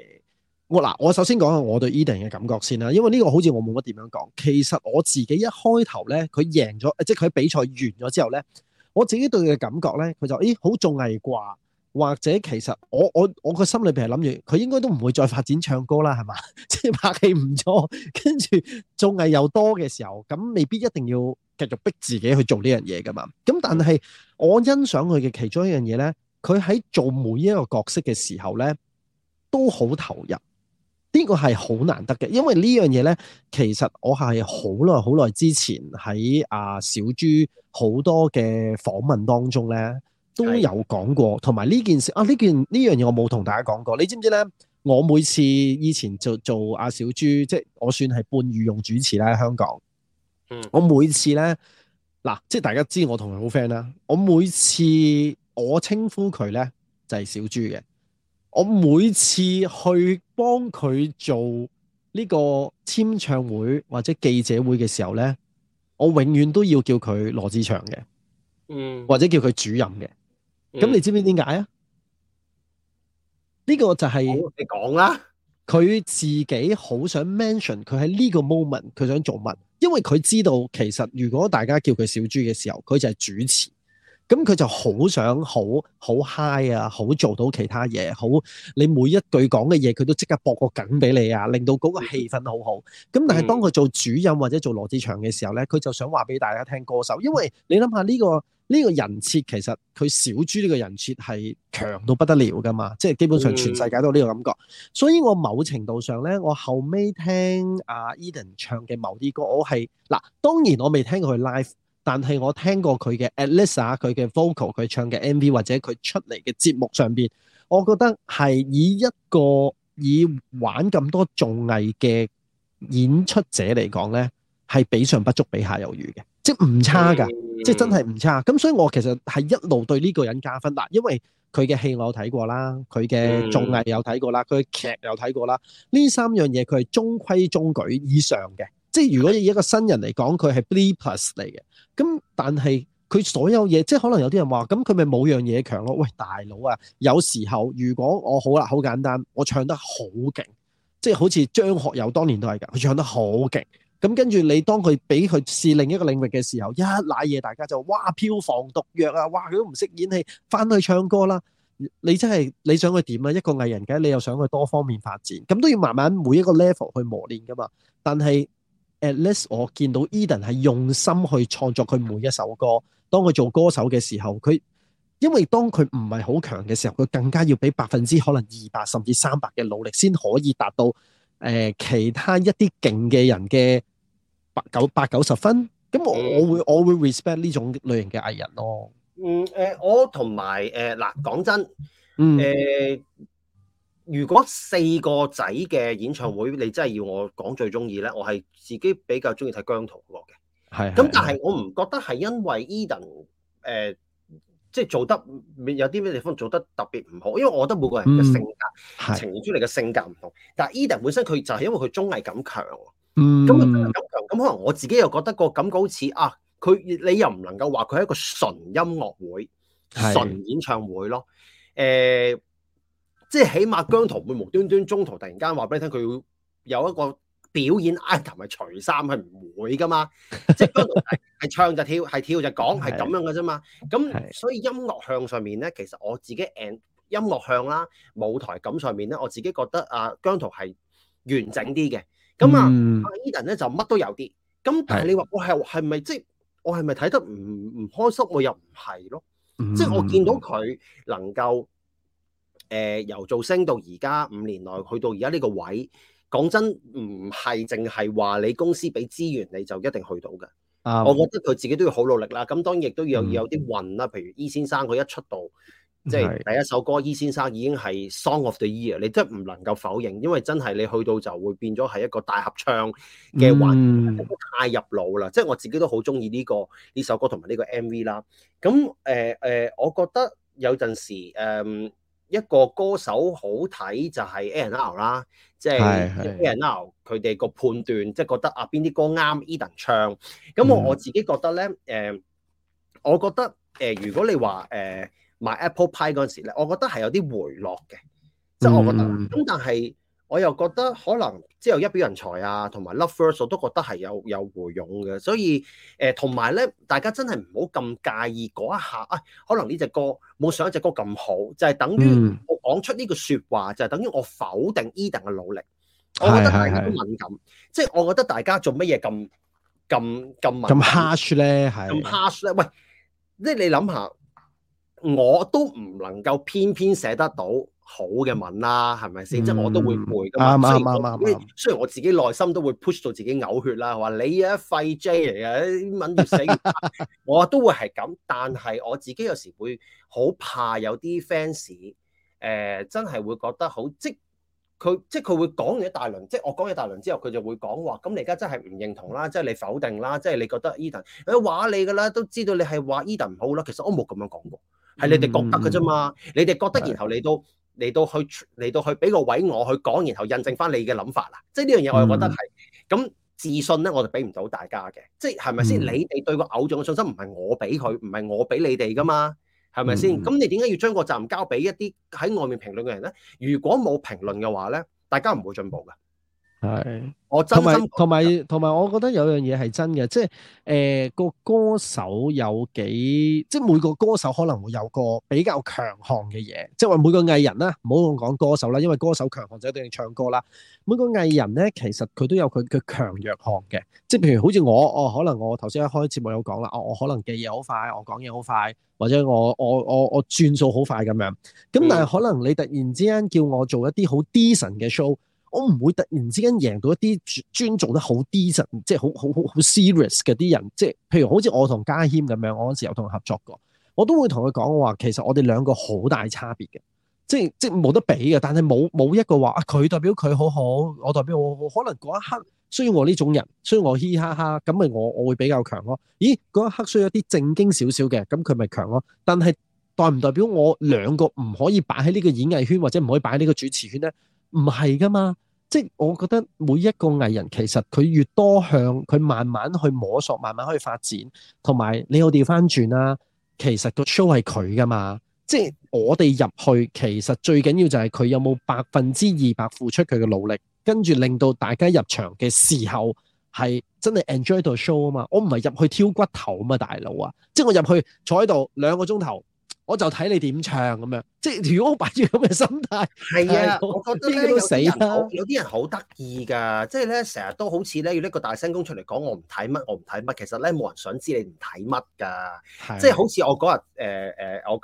我嗱，我首先講下我對 Edan 嘅感覺先啦，因為呢個好似我冇乜點樣講。其實我自己一開頭咧，佢贏咗，即係佢比賽完咗之後咧，我自己對佢嘅感覺咧，佢就咦好做藝啩，或者其實我我我個心裏邊係諗住佢應該都唔會再發展唱歌啦，係嘛？即 係拍戲唔錯，跟住做藝又多嘅時候，咁未必一定要繼續逼自己去做呢樣嘢噶嘛。咁但係我欣賞佢嘅其中一樣嘢咧，佢喺做每一個角色嘅時候咧，都好投入。呢、這個係好難得嘅，因為呢樣嘢呢，其實我係好耐好耐之前喺阿小豬好多嘅訪問當中呢，都有講過。同埋呢件事啊，呢件呢樣嘢我冇同大家講過。你知唔知道呢？我每次以前做做阿小豬，即係我算係半御用主持啦，喺香港、嗯。我每次呢，嗱，即係大家知道我同佢好 friend 啦。我每次我稱呼佢呢，就係、是、小豬嘅。我每次去幫佢做呢個簽唱會或者記者會嘅時候呢，我永遠都要叫佢羅志祥嘅，嗯，或者叫佢主任嘅。咁、嗯、你知唔知點解啊？呢、這個就係你講啦。佢自己好想 mention，佢喺呢個 moment 佢想做乜，因為佢知道其實如果大家叫佢小豬嘅時候，佢就係主持。咁佢就好想好好 high 啊，好做到其他嘢，好你每一句講嘅嘢佢都即刻搏個梗俾你啊，令到嗰個氣氛好好。咁但係當佢做主任或者做羅志祥嘅時候咧，佢就想話俾大家聽歌手，因為你諗下呢個呢、呢個人設，其實佢小豬呢個人設係強到不得了噶嘛，即係基本上全世界都呢個感覺。所以我某程度上咧，我後尾聽阿、啊、Edan 唱嘅某啲歌，我係嗱，當然我未聽過佢 live。但係我聽過佢嘅 Alisa 佢嘅 vocal 佢唱嘅 MV 或者佢出嚟嘅節目上邊，我覺得係以一個以玩咁多綜藝嘅演出者嚟講呢，係比上不足比下有餘嘅，即係唔差噶、嗯，即係真係唔差。咁所以我其實係一路對呢個人加分。嗱，因為佢嘅戲我有睇過啦，佢嘅綜藝有睇過啦，佢嘅劇有睇過啦，呢三樣嘢佢係中規中矩以上嘅。即係如果以一個新人嚟講，佢係 B plus 嚟嘅。咁但係佢所有嘢，即係可能有啲人話，咁佢咪冇樣嘢強咯？喂，大佬啊，有時候如果我好啦，好簡單，我唱得好勁，即係好似張學友當年都係㗎，佢唱得好勁。咁跟住你當佢俾佢試另一個領域嘅時候，一攋嘢大家就哇票房毒藥啊！哇，佢都唔識演戲，翻去唱歌啦。你真係你想佢點啊？一個藝人嘅你又想佢多方面發展，咁都要慢慢每一個 level 去磨練㗎嘛。但係。At least 我見到 Edan 係用心去創作佢每一首歌。當佢做歌手嘅時候，佢因為當佢唔係好強嘅時候，佢更加要俾百分之可能二百甚至三百嘅努力，先可以達到誒、呃、其他一啲勁嘅人嘅八九八九十分。咁我我會、嗯、我會 respect 呢種類型嘅藝人咯。嗯誒、呃，我同埋誒嗱講真、呃，嗯誒。如果四個仔嘅演唱會，你真係要我講最中意咧，我係自己比較中意睇姜濤嗰個嘅，係。咁但係我唔覺得係因為 Edan 誒、呃，即、就、係、是、做得有啲咩地方做得特別唔好，因為我覺得每個人嘅性格呈現出嚟嘅性格唔同。但係 Edan 本身佢就係因為佢綜藝感強，咁、嗯、佢綜藝感強，咁可能我自己又覺得個感覺好似啊，佢你又唔能夠話佢係一個純音樂會、純演唱會咯，誒、呃。即係起碼姜濤會無端端中途突然間話俾你聽，佢有一個表演 item 係除衫，係唔會噶嘛，即係姜濤係唱就跳，係 跳就講，係咁樣嘅啫嘛。咁所以音樂向上面咧，其實我自己 a 音，音樂向啦，舞台感上面咧，我自己覺得啊姜濤係完整啲嘅。咁、嗯、啊，Eden 咧就乜都有啲。咁、嗯、但係你話我係係咪即係我係咪睇得唔唔開心？我又唔係咯。嗯、即係我見到佢能夠。誒、呃、由造星到而家五年來去到而家呢個位，講真唔係淨係話你公司俾資源你就一定去到嘅。啊、um，我覺得佢自己都要好努力啦。咁當然亦都有、嗯、要有啲運啦。譬如《E 先生》佢一出道，即、就、係、是、第一首歌《E 先生》已經係 Song of the Year。你真係都唔能夠否認，因為真係你去到就會變咗係一個大合唱嘅運、嗯，太入腦啦。即係我自己都好中意呢個呢首歌同埋呢個 MV 啦。咁、呃呃、我覺得有陣時誒。呃一個歌手好睇就係 A&R 啦，即係 A&R 佢哋個判斷，即係覺得啊邊啲歌啱 Edan 唱。咁我我自己覺得咧，誒、嗯呃，我覺得誒、呃，如果你話誒、呃、買 Apple Pie 嗰陣時咧，我覺得係有啲回落嘅，即係我覺得。咁但係。我又覺得可能即係一表人才啊，同埋 Love First 我都覺得係有有回勇嘅，所以誒同埋咧，大家真係唔好咁介意嗰一下啊、哎，可能呢隻歌冇上一隻歌咁好，就係、是、等於我講出呢句説話，就係、是、等於我否定 Edan 嘅努力。我覺得大家好敏感，即係我覺得大家做乜嘢咁咁咁敏感咧，係咁 harsh 咧，喂，即係你諗下。我都唔能夠偏偏寫得到好嘅文啦，係咪先？即、嗯、係、就是、我都會攰噶嘛。啱啱啱啱啱。雖然我自己內心都會 push 到自己嘔血啦，話你啊廢 J 嚟嘅啲文死。 我都會係咁。但係我自己有時候會好怕有啲 fans 誒、呃，真係會覺得好即佢即係佢會講完一大輪，即係我講完一大輪之後，佢就會講話咁你而家真係唔認同啦，即、就、係、是、你否定啦，即、就、係、是、你覺得 Edan，佢話你噶啦，都知道你係話 Edan 唔好啦。其實我冇咁樣講過。係你哋覺得嘅啫嘛，你哋覺得，然後你都嚟到去嚟到去俾個位我去講，然後印證翻你嘅諗法啦。即係呢樣嘢，我覺得係咁、嗯、自信咧，我就俾唔到大家嘅，即係係咪先？你哋對個偶像嘅信心唔係我俾佢，唔係我俾你哋噶嘛，係咪先？咁你點解要將個站交俾一啲喺外面評論嘅人咧？如果冇評論嘅話咧，大家唔會進步㗎。係，我同埋同埋同埋，我覺得有樣嘢係真嘅，即係誒個歌手有幾，即係每個歌手可能會有個比較強項嘅嘢，即係話每個藝人啦，唔好咁講歌手啦，因為歌手強項就等於唱歌啦。每個藝人咧，其實佢都有佢佢強弱項嘅，即係譬如好似我，哦我哦，我可能我頭先一開節目有講啦，我我可能記嘢好快，我講嘢好快，或者我我我我轉數好快咁樣。咁但係可能你突然之間叫我做一啲好 d 神嘅 show，我唔會突然之間贏到一啲尊重得好 decent，即係好好好 serious 嘅啲人，即係譬如好似我同嘉謙咁樣，我嗰時有同佢合作過，我都會同佢講話，其實我哋兩個好大差別嘅，即係即係冇得比嘅。但係冇冇一個話佢，啊，代表佢好好，我代表我好好，可能嗰一刻需要我呢種人，需要我嘻嘻哈哈，咁咪我我會比較強咯，啊。咦，嗰一刻需要一啲正經少少嘅，咁佢咪強咯。但係代唔代表我兩個唔可以擺喺呢個演藝圈或者唔可以擺喺呢個主持圈咧？唔係噶嘛，即係我覺得每一個藝人其實佢越多向佢慢慢去摸索，慢慢去發展。同埋你好調翻轉啦，其實個 show 係佢噶嘛，即係我哋入去其實最緊要就係佢有冇百分之二百付出佢嘅努力，跟住令到大家入場嘅時候係真係 enjoy 到 show 啊嘛。我唔係入去挑骨頭啊嘛，大佬啊，即係我入去坐喺度兩個鐘頭，我就睇你點唱咁樣。即係如果我擺住咁嘅心態，係啊，我覺得咧有啲人有啲人好得意噶，即係咧成日都好似咧要搦個大聲公出嚟講我唔睇乜，我唔睇乜，其實咧冇人想知你唔睇乜噶，即係好似我嗰日誒誒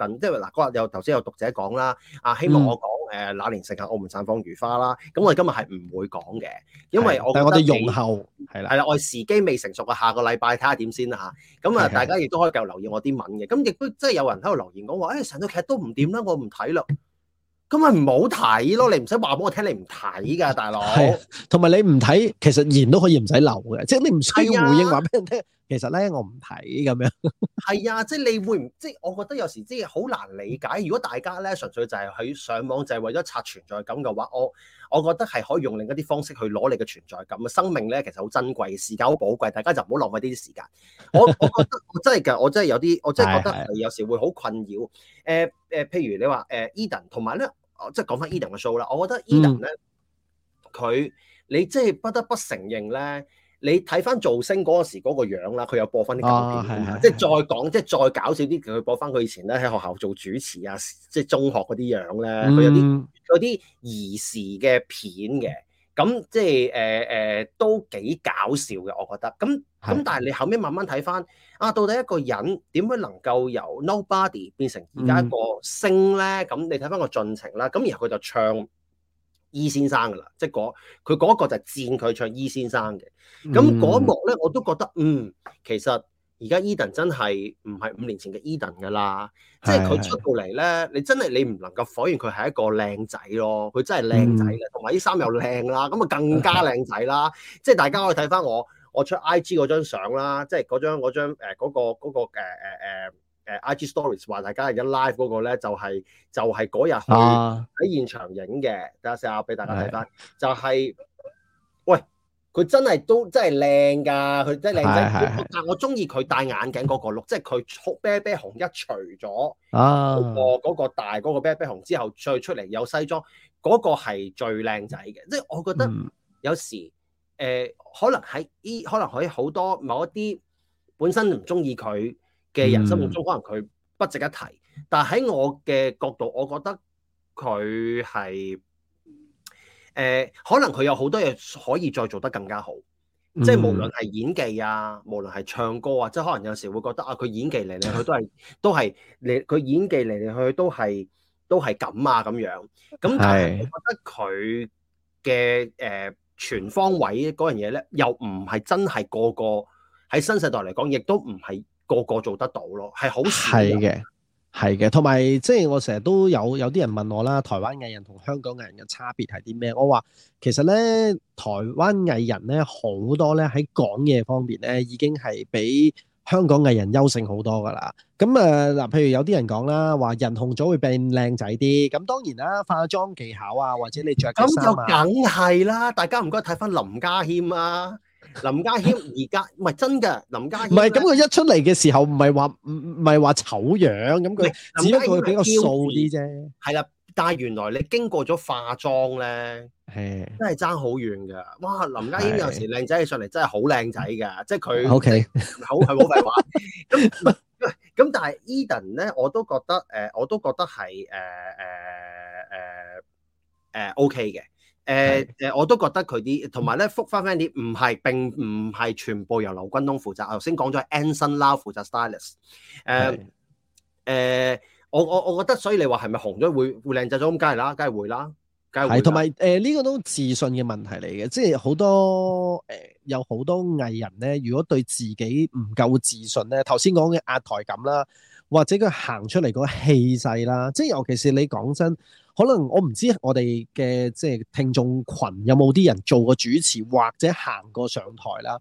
我近，即係嗱嗰日有頭先有讀者講啦，啊希望我講誒、嗯呃、哪年盛夏我們綻放如花啦，咁我哋今日係唔會講嘅，因為我覺得的，但我哋容後係啦係啦，我哋時機未成熟啊，下個禮拜睇下點先吓，嚇。咁啊，大家亦都可以繼續留意我啲文嘅，咁亦都即係有人喺度留言講話，誒成套劇都唔掂啦，我唔唔睇咯，咁咪唔好睇咯。你唔使話俾我聽，你唔睇噶，大佬。係，同埋你唔睇，其實言都可以唔使留嘅，即係你唔需要回應話俾人聽其實咧，我唔睇咁樣 。係啊，即係你會唔即係？我覺得有時即係好難理解。如果大家咧純粹就係去上網就係為咗刷存在感嘅話，我我覺得係可以用另一啲方式去攞你嘅存在感。生命咧其實好珍貴，時間好寶貴，大家就唔好浪費呢啲時間。我我覺得我真係噶，我真係有啲， 我真係覺得有時會好困擾。誒誒，譬、呃、如你話誒 Edan 同埋咧，即係講翻 Edan 嘅 show 啦。我覺得 Edan 咧，佢、嗯、你真係不得不承認咧。你睇翻做星嗰、那個、時嗰個樣啦，佢有播翻啲舊片，哦、是是是即係再講，即係再搞笑啲，佢播翻佢以前咧喺學校做主持啊，即係中學嗰啲樣咧，佢、嗯、有啲啲兒時嘅片嘅，咁即係誒誒都幾搞笑嘅，我覺得。咁咁但係你後尾慢慢睇翻啊，到底一個人點樣能夠由 nobody 變成而家一個星咧？咁、嗯、你睇翻個進程啦。咁然後佢就唱。E 先生噶啦，即係嗰佢嗰一幕就係賤佢唱 E 先生嘅。咁嗰幕咧我都覺得，嗯，其實而家 Edan 真係唔係五年前嘅 Edan 噶啦，即係佢出到嚟咧，你真係你唔能夠否認佢係一個靚仔咯，佢真係靚仔嘅，同埋啲衫又靚啦，咁啊更加靚仔啦，即係大家可以睇翻我我出 IG 嗰張相啦，即係嗰張嗰張誒嗰、呃那個嗰、那個誒、呃呃誒、uh, IG stories 話大家而家 live 嗰個咧，就係、是、就係嗰日喺現場影嘅，等下試下俾大家睇翻，就係、是、喂佢真係都真係靚噶，佢真係靚仔、那個。但我中意佢戴眼鏡嗰、那個 look 即係佢紅啤啤紅一除咗、那個嗰、啊那個大嗰、那個啤啤紅之後，再出嚟有西裝嗰、那個係最靚仔嘅。即、嗯、係我覺得有時誒、呃，可能喺依可能喺好多某一啲本身唔中意佢嘅人心目中可能佢不值一提，嗯、但喺我嘅角度，我覺得佢係誒可能佢有好多嘢可以再做得更加好。嗯、即係無論係演技啊，無論係唱歌啊，即係可能有時會覺得啊，佢演技嚟嚟去都係 都係你佢演技嚟嚟去去都係都係咁啊咁樣咁但係我覺得佢嘅誒全方位嗰樣嘢咧，又唔係真係個個喺新世代嚟講，亦都唔係。個個做得到咯，係好少。係嘅，係嘅。同埋即係我成日都有有啲人問我啦，台灣藝人同香港藝人嘅差別係啲咩？我話其實呢，台灣藝人呢好多呢喺講嘢方面呢已經係比香港藝人優勝好多㗎喇。咁啊嗱，譬如有啲人講啦，話人紅咗會變靚仔啲。咁當然啦，化妝技巧啊，或者你著緊衫啊，咁就梗係啦。大家唔該睇返林家謙啊。林家謙而家唔係真嘅，林家謙唔係咁，佢一出嚟嘅時候唔係話唔係話醜樣咁佢，只不過佢比較素啲啫。係啦，但係原來你經過咗化妝咧，係真係爭好遠噶。哇，林家謙有時靚仔起上嚟真係好靚仔嘅，即係佢。O K，好，係好，廢話。咁咁但係 Edan 咧，我都覺得誒，我都覺得係誒誒誒誒 O K 嘅。呃呃呃 OK 誒、呃、誒、呃，我都覺得佢啲，同埋咧，复翻翻啲唔係，並唔係全部由劉君東負責。頭先講咗 Anson Lau 負責 Stylist。誒、呃、誒、呃，我我我覺得，所以你話係咪紅咗會會靚仔咗咁，梗係啦，梗係會啦，梗係同埋誒，呢、呃呢個都是自信嘅問題嚟嘅，即係好多誒、呃，有好多藝人咧，如果對自己唔夠自信咧，頭先講嘅壓台感啦，或者佢行出嚟個氣勢啦，即係尤其是你講真的。可能我唔知我哋嘅即係聽眾群有冇啲人做過主持或者行過上台啦。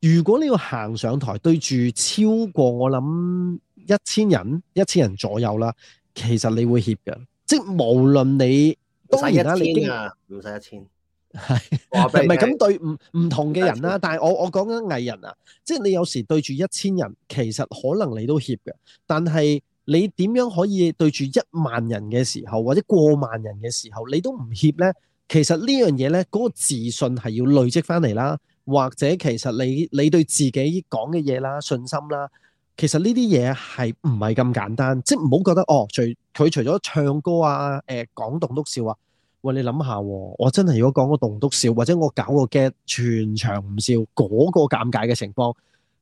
如果你要行上台對住超過我諗一千人，一千人左右啦，其實你會怯嘅。即係無論你1，當然啦，你啊唔使一千係，唔係咁對唔唔同嘅人啦。但係我我講緊藝人啊，即係你有時對住一千人，其實可能你都怯嘅，但係。你點樣可以對住一萬人嘅時候，或者過萬人嘅時候，你都唔怯呢？其實呢樣嘢呢，嗰個自信係要累積翻嚟啦。或者其實你你對自己講嘅嘢啦，信心啦，其實呢啲嘢係唔係咁簡單？即係唔好覺得哦，除佢除咗唱歌啊，誒講棟篤笑啊。喂，你諗下，我真係如果講個棟篤笑，或者我搞個 get 全場唔笑嗰個尷尬嘅情況。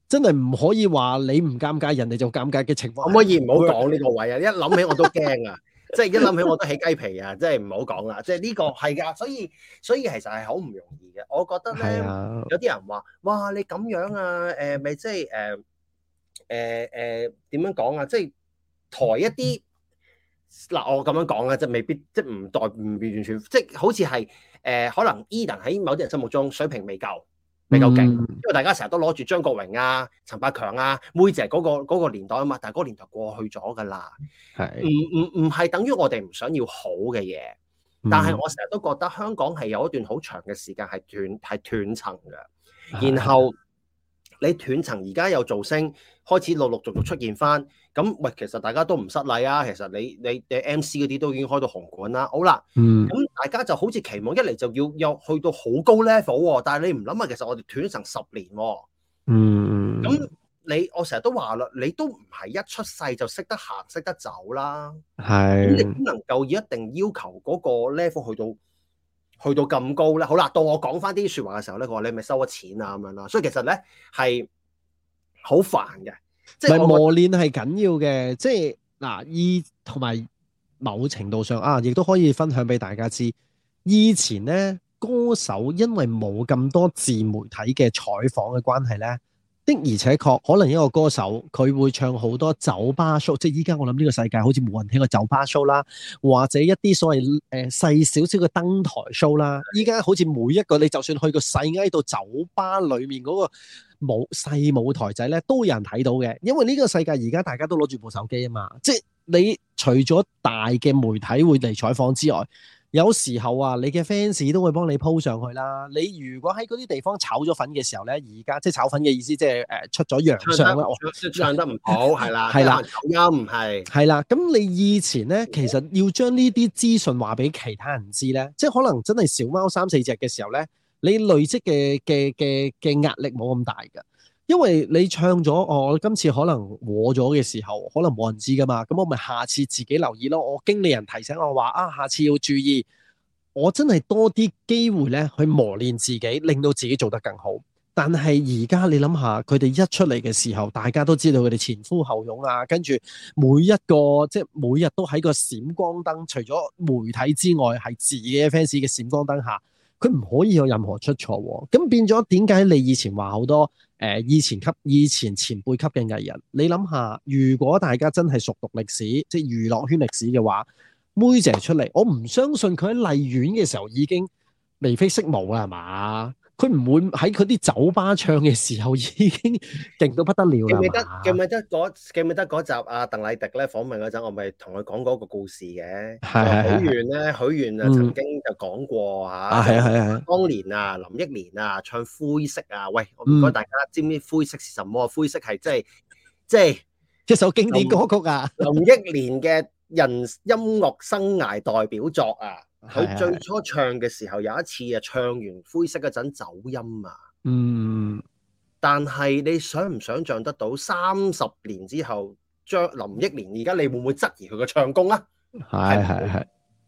真係唔可以話你唔尷尬，人哋就尷尬嘅情況。可唔可以唔好講呢個位啊！ 一諗起我都驚啊，即 係一諗起我都起雞皮啊！即係唔好講啦，即係呢個係噶，所以所以其實係好唔容易嘅。我覺得咧，啊、有啲人話哇，你咁樣啊，誒、呃，咪即係誒誒誒，點、呃呃呃、樣講啊？即、就、係、是、抬一啲嗱，我咁樣講啊，即係未必，即係唔代唔完全，即係好似係誒，可能 Edan 喺某啲人心目中水平未夠。比較勁，因為大家成日都攞住張國榮啊、陳百強啊、妹姐嗰、嗰個、嗰個年代啊嘛，但係嗰個年代過去咗噶啦，係唔唔唔係等於我哋唔想要好嘅嘢，但係我成日都覺得香港係有一段好長嘅時間係斷係斷層嘅，然後你斷層而家又造星。開始陸陸續續出現翻，咁喂，其實大家都唔失禮啊。其實你你誒 MC 嗰啲都已經開到紅館啦。好啦，咁、嗯、大家就好似期望一嚟就要又去到好高 level 喎、哦。但係你唔諗啊，其實我哋斷成十年喎、哦。嗯，咁你我成日都話啦，你都唔係一出世就識得行識得走啦。係，你可能又要一定要求嗰個 level 去到去到咁高咧。好啦，到我講翻啲説話嘅時候咧，佢話你係咪收咗錢啊咁樣啦。所以其實咧係。好煩嘅，即係磨練係緊要嘅，即係嗱、啊，以同埋某程度上啊，亦都可以分享俾大家知，以前呢，歌手因為冇咁多自媒體嘅採訪嘅關係呢。的而且確，可能一個歌手佢會唱好多酒吧 show，即係依家我諗呢個世界好似冇人聽過酒吧 show 啦，或者一啲所謂誒、呃、細少少嘅登台 show 啦。依家好似每一個你，就算去個細矮度酒吧裡面嗰個舞細舞台仔咧，都有人睇到嘅，因為呢個世界而家大家都攞住部手機啊嘛，即係你除咗大嘅媒體會嚟採訪之外。有時候啊，你嘅 fans 都會幫你鋪上去啦。你如果喺嗰啲地方炒咗粉嘅時候咧，而家即係炒粉嘅意思、就是，即、呃、係出咗洋相啦。唱得唔好，係 啦，係啦，咬音係，啦，咁你以前咧，其實要將呢啲資訊話俾其他人知咧，即係可能真係小貓三四隻嘅時候咧，你累積嘅嘅嘅嘅壓力冇咁大㗎。因為你唱咗，我、哦、今次可能錯咗嘅時候，可能冇人知噶嘛。咁我咪下次自己留意咯。我經理人提醒我話：啊，下次要注意。我真係多啲機會咧，去磨練自己，令到自己做得更好。但係而家你諗下，佢哋一出嚟嘅時候，大家都知道佢哋前呼後擁啊。跟住每一個即係每日都喺個閃光燈，除咗媒體之外，係自己 fans 嘅閃光燈下，佢唔可以有任何出錯，啊。咁變咗點解你以前話好多？誒，以前級，以前前輩級嘅藝人，你諗下，如果大家真係熟讀歷史，即係娛樂圈歷史嘅話，梅姐出嚟，我唔相信佢喺荔園嘅時候已經眉飛色舞啊，係嘛？佢唔會喺佢啲酒吧唱嘅時候已經勁到不得了啦。記唔記得？記唔記得嗰？記唔記得嗰集、啊、鄧麗迪咧訪問嗰陣，我咪同佢講嗰個故事嘅。係係。許願咧，許願啊，曾經就講過啊。係啊係啊。係係係係當年啊，林憶蓮啊，唱灰色啊。喂，我唔該大家知唔知灰色係什麼？嗯、灰色係即係即係一首經典歌曲啊林，林憶蓮嘅。人音樂生涯代表作啊，佢最初唱嘅時候有一次啊，唱完灰色嗰陣走音啊，嗯，但係你想唔想象得到三十年之後，將林憶蓮而家你會唔會質疑佢嘅唱功啊？係係係。是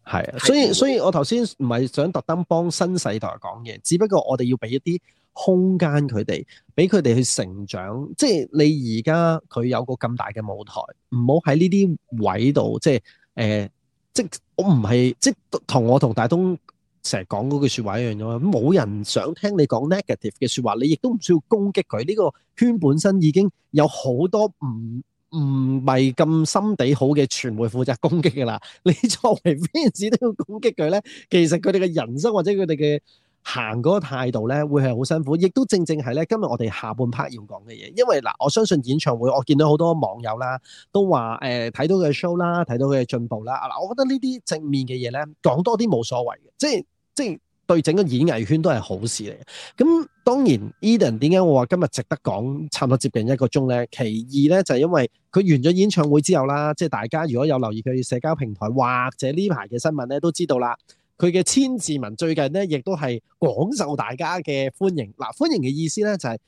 係，所以所以我頭先唔係想特登幫新世代講嘢，只不過我哋要俾一啲空間佢哋，俾佢哋去成長。即係你而家佢有個咁大嘅舞台，唔好喺呢啲位度。即係誒、呃，即我唔係即同我同大東成日講嗰句説話一樣啫嘛。冇人想聽你講 negative 嘅説話，你亦都唔需要攻擊佢。呢、呢個圈本身已經有好多唔唔係咁心地好嘅傳媒負責攻擊㗎啦，你作為非 a 都要攻擊佢咧，其實佢哋嘅人生或者佢哋嘅行嗰個態度咧，會係好辛苦，亦都正正係咧今日我哋下半 part 要講嘅嘢，因為嗱，我相信演唱會我見到好多網友啦，都話誒睇到佢嘅 show 啦，睇到佢嘅進步啦，嗱，我覺得呢啲正面嘅嘢咧，講多啲冇所謂嘅，即係即係。對整個演藝圈都係好事嚟嘅，咁當然 Edan 點解我話今日值得講差唔多接近一個鐘呢？其二呢，就係因為佢完咗演唱會之後啦，即係大家如果有留意佢社交平台或者呢排嘅新聞呢，都知道啦，佢嘅千字文最近呢，亦都係廣受大家嘅歡迎。嗱、啊，歡迎嘅意思呢，就係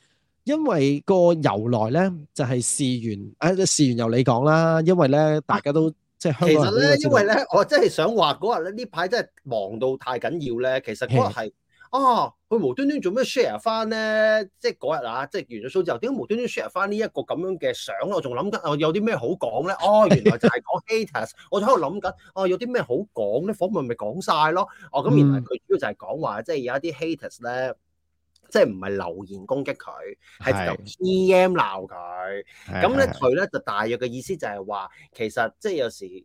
因為個由來呢，就係事緣、啊，事緣由你講啦，因為呢大家都。其實咧，因為咧，我真係想話嗰日咧，呢排真係忙到太緊要咧。其實嗰日係，哦，佢無端端做咩 share 翻咧？即係嗰日啊，即係完咗 show 之後，點解無端端 share 翻呢一個咁樣嘅相我仲諗緊，我、哦、有啲咩好講咧？哦，原來就係講 haters 我仲喺度諗緊，哦，有啲咩好講咧？訪問咪講晒咯。哦，咁原來佢主要就係講話，即係有一啲 haters 咧。即係唔係留言攻擊佢，係 PM 鬧佢。咁咧佢咧就大約嘅意思就係話，其實即係有時誒誒誒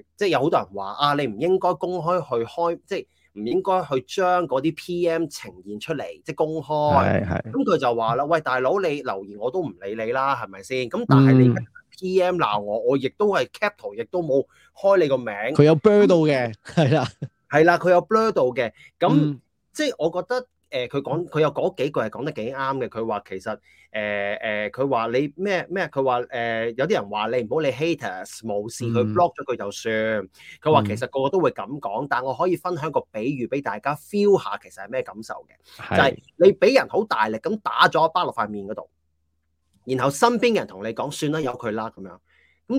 誒，即係有好多人話啊，你唔應該公開去開，即係唔應該去將嗰啲 PM 呈現出嚟，即係公開。係係。咁佢就話啦，喂，大佬，你留言我都唔理你啦，係咪先？咁但係你 PM 鬧我、嗯，我亦都係 cap 圖，亦都冇開你個名。佢有 blurred 嘅，係啦，係啦，佢有 blurred 嘅。咁、嗯、即係我覺得。誒佢講佢有嗰幾句係講得幾啱嘅，佢話其實誒誒佢話你咩咩，佢話誒有啲人話你，唔好理 hater，冇事，佢 block 咗佢就算，佢話其實個個都會咁講，但我可以分享個比喻俾大家 feel 下其實係咩感受嘅，就係你俾人好大力咁打咗一巴落塊面嗰度，然後身邊人同你講算啦由佢啦咁樣，咁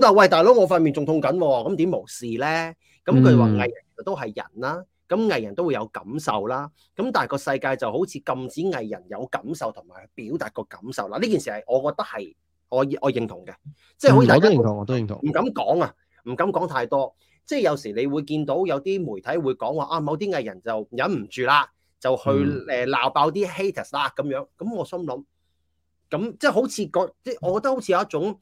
但係喂大佬，我塊面仲痛緊，咁點冇事咧？咁佢話藝人都係人啦。咁藝人都會有感受啦，咁但係個世界就好似禁止藝人有感受同埋表達個感受啦。呢件事係我覺得係我我認同嘅，即係好大家認同，我都認同。唔敢講啊，唔敢講太多。即係有時你會見到有啲媒體會講話啊，某啲藝人就忍唔住啦，就去誒鬧爆啲 haters 啦咁、嗯、樣。咁我心諗，咁即係好似個即係我覺得好似有一種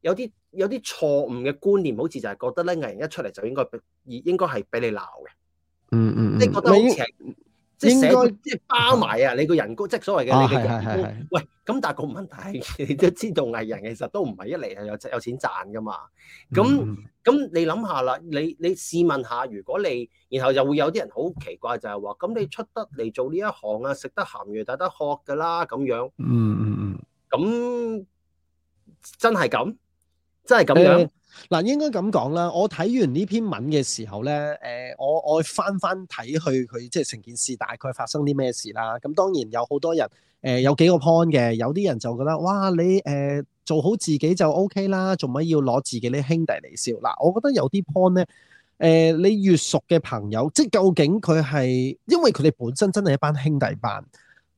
有啲有啲錯誤嘅觀念，好似就係覺得咧藝人一出嚟就應該俾而應該係俾你鬧嘅。嗯嗯，即係覺得好即係寫，即係包埋啊！你個人工，啊、即係所謂嘅你嘅人工。喂、啊，咁但係個問題，你都知道藝人其實都唔係一嚟係有有錢賺噶嘛？咁、嗯、咁你諗下啦，你你試問一下，如果你然後就會有啲人好奇怪就係、是、話，咁你出得嚟做呢一行啊，食得鹹魚抵得渴噶啦咁樣。嗯嗯嗯。咁真係咁，真係咁樣。嗱，應該咁講啦。我睇完呢篇文嘅時候呢，誒，我我翻翻睇去佢即係成件事大概發生啲咩事啦。咁當然有好多人，誒，有幾個 point 嘅，有啲人就覺得，哇，你誒做好自己就 OK 啦，做乜要攞自己啲兄弟嚟笑？嗱，我覺得有啲 point 呢，誒，你越熟嘅朋友，即係究竟佢係因為佢哋本身真係一班兄弟班，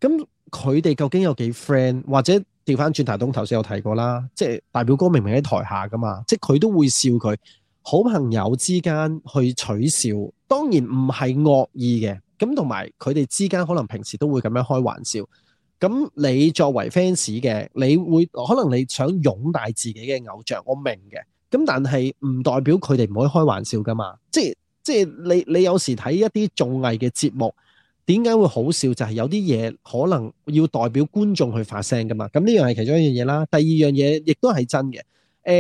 咁佢哋究竟有幾 friend 或者？掉返轉，大東頭先有提過啦，即係大表哥明明喺台下噶嘛，即係佢都會笑佢，好朋友之間去取笑，當然唔係惡意嘅，咁同埋佢哋之間可能平時都會咁樣開玩笑。咁你作為 fans 嘅，你會可能你想擁戴自己嘅偶像，我明嘅。咁但係唔代表佢哋唔可以開玩笑噶嘛，即係即係你你有時睇一啲綜藝嘅節目。點解會好笑就係、是、有啲嘢可能要代表觀眾去發聲噶嘛？咁呢樣係其中一樣嘢啦。第二樣嘢亦都係真嘅。誒、呃、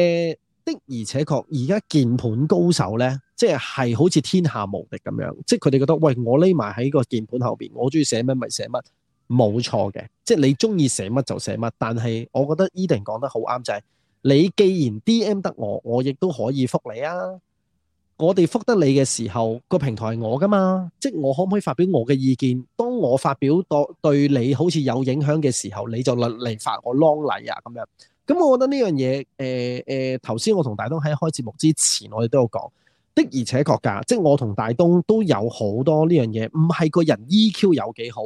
的而且確，而家鍵盤高手咧，即係係好似天下無敵咁樣。即係佢哋覺得，喂，我匿埋喺個鍵盤後邊，我中意寫乜咪寫乜，冇錯嘅。即係你中意寫乜就寫乜。但係我覺得 Edan 講得好啱，就係、是、你既然 DM 得我，我亦都可以覆你啊。我哋覆得你嘅時候，個平台係我噶嘛，即係我可唔可以發表我嘅意見？當我發表對對你好似有影響嘅時候，你就嚟嚟發我 long 嚟啊咁樣。咁我覺得呢樣嘢，誒、呃、誒，頭、呃、先我同大東喺開節目之前，我哋都有講的，的，而且確㗎。即係我同大東都有好多呢樣嘢，唔係個人 EQ 有幾好，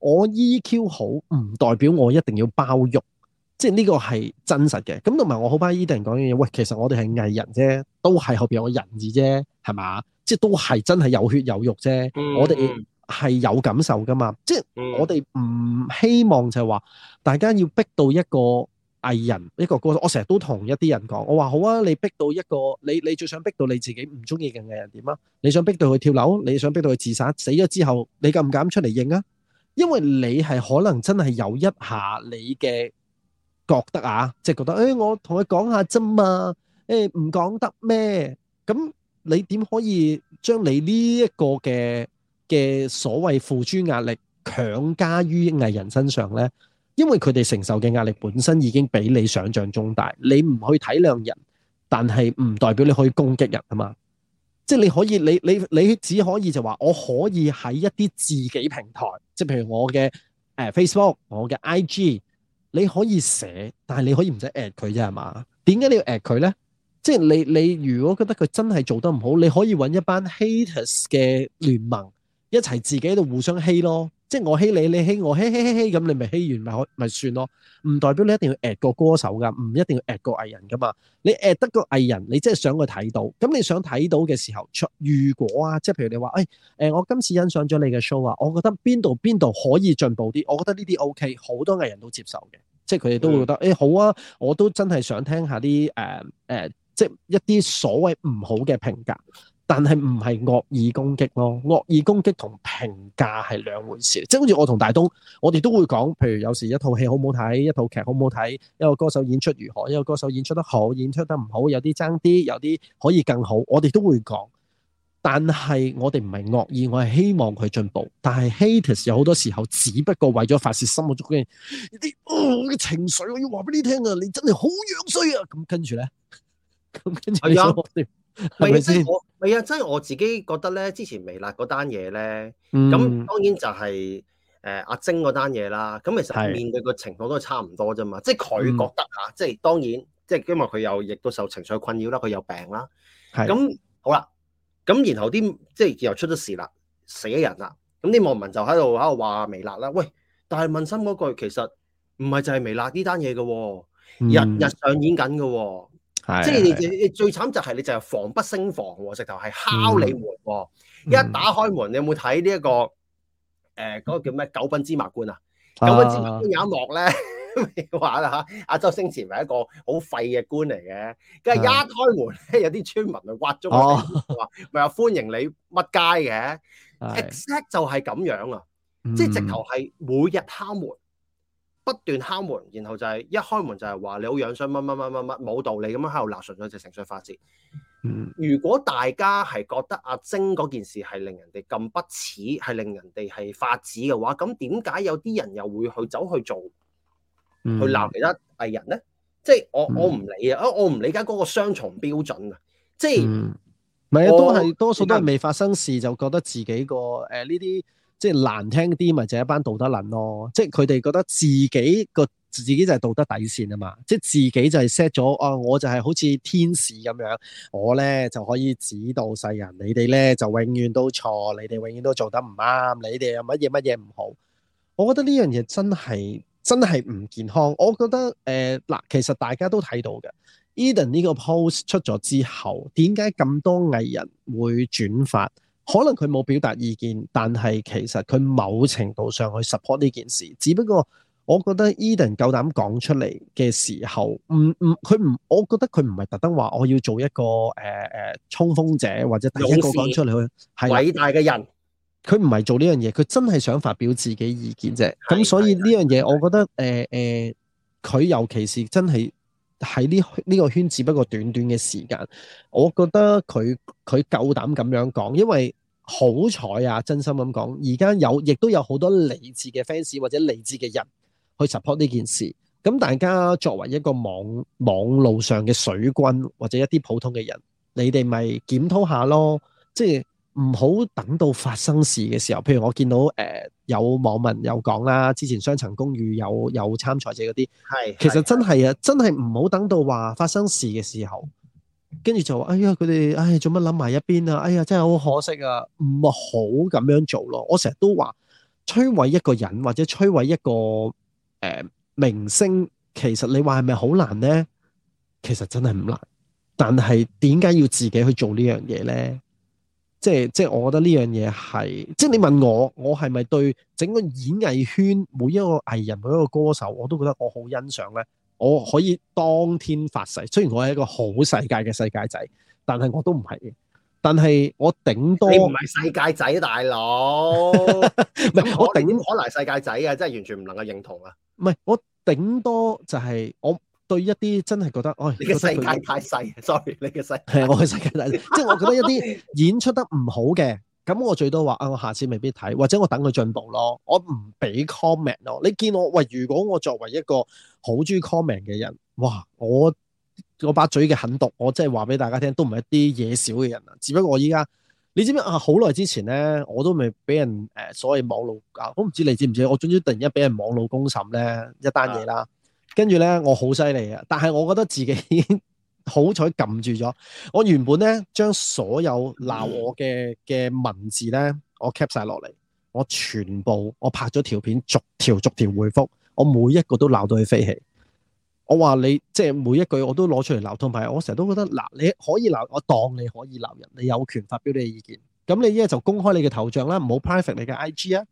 我 EQ 好唔代表我一定要包容。即係呢個係真實嘅，咁同埋我好 buy Edan 講嘅講嘢，喂，其實我哋係藝人啫，都係後邊有個人字啫，係嘛？即係都係真係有血有肉啫。嗯嗯，我哋係有感受噶嘛？即係我哋唔希望就係話大家要逼到一個藝人一個歌，我成日都同一啲人講，我話好啊，你逼到一個，你你最想逼到你自己唔中意嘅藝人點啊？你想逼到佢跳樓，你想逼到佢自殺，死咗之後，你敢唔敢出嚟認啊？因為你係可能真係有一下你嘅。覺得啊，即係覺得，誒、哎，我同佢講下啫嘛，誒、哎，唔講得咩？咁你點可以將你呢一個嘅嘅所謂付諸壓力強加於藝，藝人身上呢？因為佢哋承受嘅壓力本身已經比你想象中大。你唔去體諒人，但係唔代表你可以攻擊人，吖嘛？即係你可以，你你你只可以就話，我可以喺一啲自己平台，即譬如我嘅誒、呃、Facebook，我嘅 IG。你可以寫，但係你可以唔使 at 佢啫，係嘛？點解你要 at 佢咧？即係你你如果覺得佢真係做得唔好，你可以搵一班 haters 嘅聯盟一齊自己喺度互相 hate 咯。即係我欺你，你欺我，欺欺欺欺，咁你咪欺完咪可咪算咯？唔代表你一定要 at 個歌手㗎，唔一定要 at 個藝人㗎嘛。你 at 得個藝人，你即係想佢睇到。咁你想睇到嘅時候，出如果啊，即係譬如你話，誒，誒，我今次欣賞咗你嘅 show 啊，我覺得邊度邊度可以進步啲，我覺得呢啲 OK，好多藝人都接受嘅，即係佢哋都會覺得，誒、嗯哎，好啊，我都真係想聽下啲誒誒，即係一啲所謂唔好嘅評價。但係唔係惡意攻擊咯，惡意攻擊同評價係兩回事，即係好似我同大東，我哋都會講，譬如有時一套戲好唔好睇，一套劇好唔好睇，一個歌手演出如何，一個歌手演出得好，演出得唔好，有啲爭啲，有啲可以更好，我哋都會講。但係我哋唔係惡意，我係希望佢進步。但係 Haters 有好多時候，只不過為咗發泄心目中嘅啲嘅情緒，我要話俾你聽啊，你真係好樣衰啊！咁跟住呢？咁跟住係咪先？唔係啊，真、就、係、是我，啊就是、我自己覺得咧，之前微辣嗰單嘢咧，咁、嗯、當然就係、是、誒、呃、阿晶嗰單嘢啦。咁其實面對個情況都係差唔多啫嘛。即係佢覺得吓、啊嗯，即係當然，即係因為佢又亦都受情緒困擾啦，佢又病啦。係咁好啦，咁然後啲即係又出咗事啦，死咗人啦。咁啲網民就喺度喺度話微辣啦。喂，但係問心嗰句，其實唔係就係微辣呢單嘢嘅喎，日日上演緊嘅喎。嗯嗯即係你最最慘就係你就係防不勝防喎，直頭係敲你門喎、嗯嗯。一打開門，你有冇睇呢一個誒嗰、呃嗰個叫咩九品芝麻官啊？九品芝麻官有一幕咧，話啦吓，阿、 啊、周星馳係一個好廢嘅官嚟嘅，跟住一開門咧，有啲村民嚟挖咗我，地、啊，咪話、啊、歡迎你乜街嘅？exact 就係咁樣啊、嗯！即係直頭係每日敲門。不斷敲門，然後就係一開門就係話你好樣衰乜乜乜乜乜，冇道理咁樣喺度鬧，純粹就情緒發泄。如果大家係覺得阿晶嗰件事係令人哋咁不齒，係令人哋係髮指嘅話，咁點解有啲人又會去走去做去鬧其他藝人呢？嗯、即係我我唔理啊！啊我唔理解嗰個雙重標準啊！即係唔係啊？都係多數都係未發生事就覺得自己個誒呢啲。呃這即係難聽啲，咪就係一班道德論咯。即係佢哋覺得自己個自己就係道德底線啊嘛。即係自己就係 set 咗，啊我就係好似天使咁樣，我呢就可以指導世人。你哋呢就永遠都錯，你哋永遠都做得唔啱，你哋有乜嘢乜嘢唔好。我覺得呢樣嘢真係真係唔健康。我覺得誒，嗱、呃，其實大家都睇到嘅，Eden 呢個 post 出咗之後，點解咁多藝人會轉發？可能佢冇表達意見，但係其實佢某程度上去 support 呢件事。只不過我覺得 Edan 夠膽講出嚟嘅時候，唔、嗯、唔，佢、嗯、唔，我覺得佢唔係特登話我要做一個誒誒衝鋒者，或者第一個講出嚟去係偉大嘅人。佢唔係做呢樣嘢，佢真係想發表自己的意見啫。咁所以呢樣嘢，我覺得誒誒，佢、呃呃、尤其是真係喺呢呢個圈子，只不過短短嘅時間，我覺得佢佢夠膽咁樣講，因為。好彩啊！真心咁講，而家有亦都有好多理智嘅 fans 或者理智嘅人去 support 呢件事。咁大家作為一個網網路上嘅水軍或者一啲普通嘅人，你哋咪檢討下咯，即係唔好等到發生事嘅時候。譬如我見到、呃、有網民有講啦，之前雙層公寓有有參賽者嗰啲，係其實真係啊，真係唔好等到話發生事嘅時候。跟住就話哎呀，佢哋，哎呀，做乜諗埋一邊啊！哎呀，真係好可惜啊！唔好咁樣做咯。我成日都話，摧毀一個人或者摧毀一個、呃、明星，其實你話係咪好難呢？其實真係唔難，但係點解要自己去做呢樣嘢呢？即係即係，我覺得呢樣嘢係即係你問我，我係咪對整個演藝圈每一個藝人每一個歌手我都覺得我好欣賞咧？我可以當天發誓，雖然我係一個好世界嘅世界仔，但係我都唔係。但係我頂多你唔係世界仔大佬，唔係我頂點可能係世界仔啊！真係完全唔能夠認同啊！唔係我頂多就係我對一啲真係覺得，哎，你嘅世界太細，sorry，你嘅世界我嘅世界仔，即 係我覺得一啲演出得唔好嘅。咁我最多話啊，我下次未必睇，或者我等佢進步咯，我唔俾 comment 咯。你見我喂？如果我作為一個好鍾意 comment 嘅人，哇！我我把嘴嘅狠毒，我真係話俾大家聽，都唔係一啲嘢少嘅人啊。只不過我依家你知唔知啊？好耐之前咧，我都未俾人誒所謂網路啊，我唔知你知唔知？我總之突然間俾人網路公審咧一單嘢啦，跟住咧我好犀利啊！但係我覺得自己。 好彩撳住咗！我原本呢，將所有鬧我嘅嘅文字呢，我 cap 晒落嚟，我全部我拍咗條片，逐條逐條回覆，我每一個都鬧到佢飛起。我話你即係每一句我都攞出嚟鬧，同埋我成日都覺得嗱，你可以鬧，我當你可以鬧人，你有權發表你嘅意見。咁你呢就公開你嘅頭像啦，唔好 private 你嘅 IG 啊！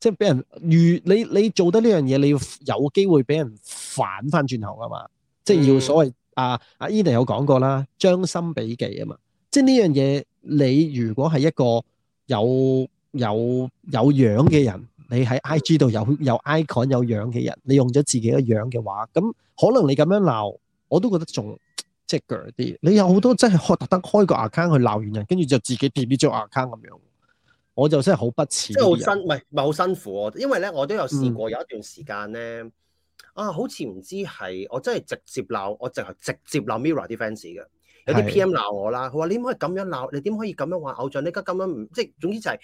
即係俾人如你你做得呢樣嘢，你要有機會俾人反翻轉頭㗎嘛！即係要所謂、嗯。啊、uh！阿 Edan 有講過啦，將心比己啊嘛，即係呢樣嘢，你如果係一個有有有樣嘅人，你喺 IG 度有有 icon 有樣嘅人，你用咗自己嘅樣嘅話，咁可能你咁樣鬧，我都覺得仲即係啲。你有好多真係開特登開個 account 去鬧完人，跟住就自己 delete 咗 account 咁樣，我就真係好不齒。即係好辛，唔係唔係好辛苦，啊，因為咧我都有試過有一段時間咧。嗯啊，好似唔知係我真係直接鬧，我淨係直接鬧 Mirror 啲 fans 嘅，有啲 PM 鬧我啦，佢話你點可以咁樣鬧，你點可以咁樣話偶像呢家咁樣唔，即係總之就係、是、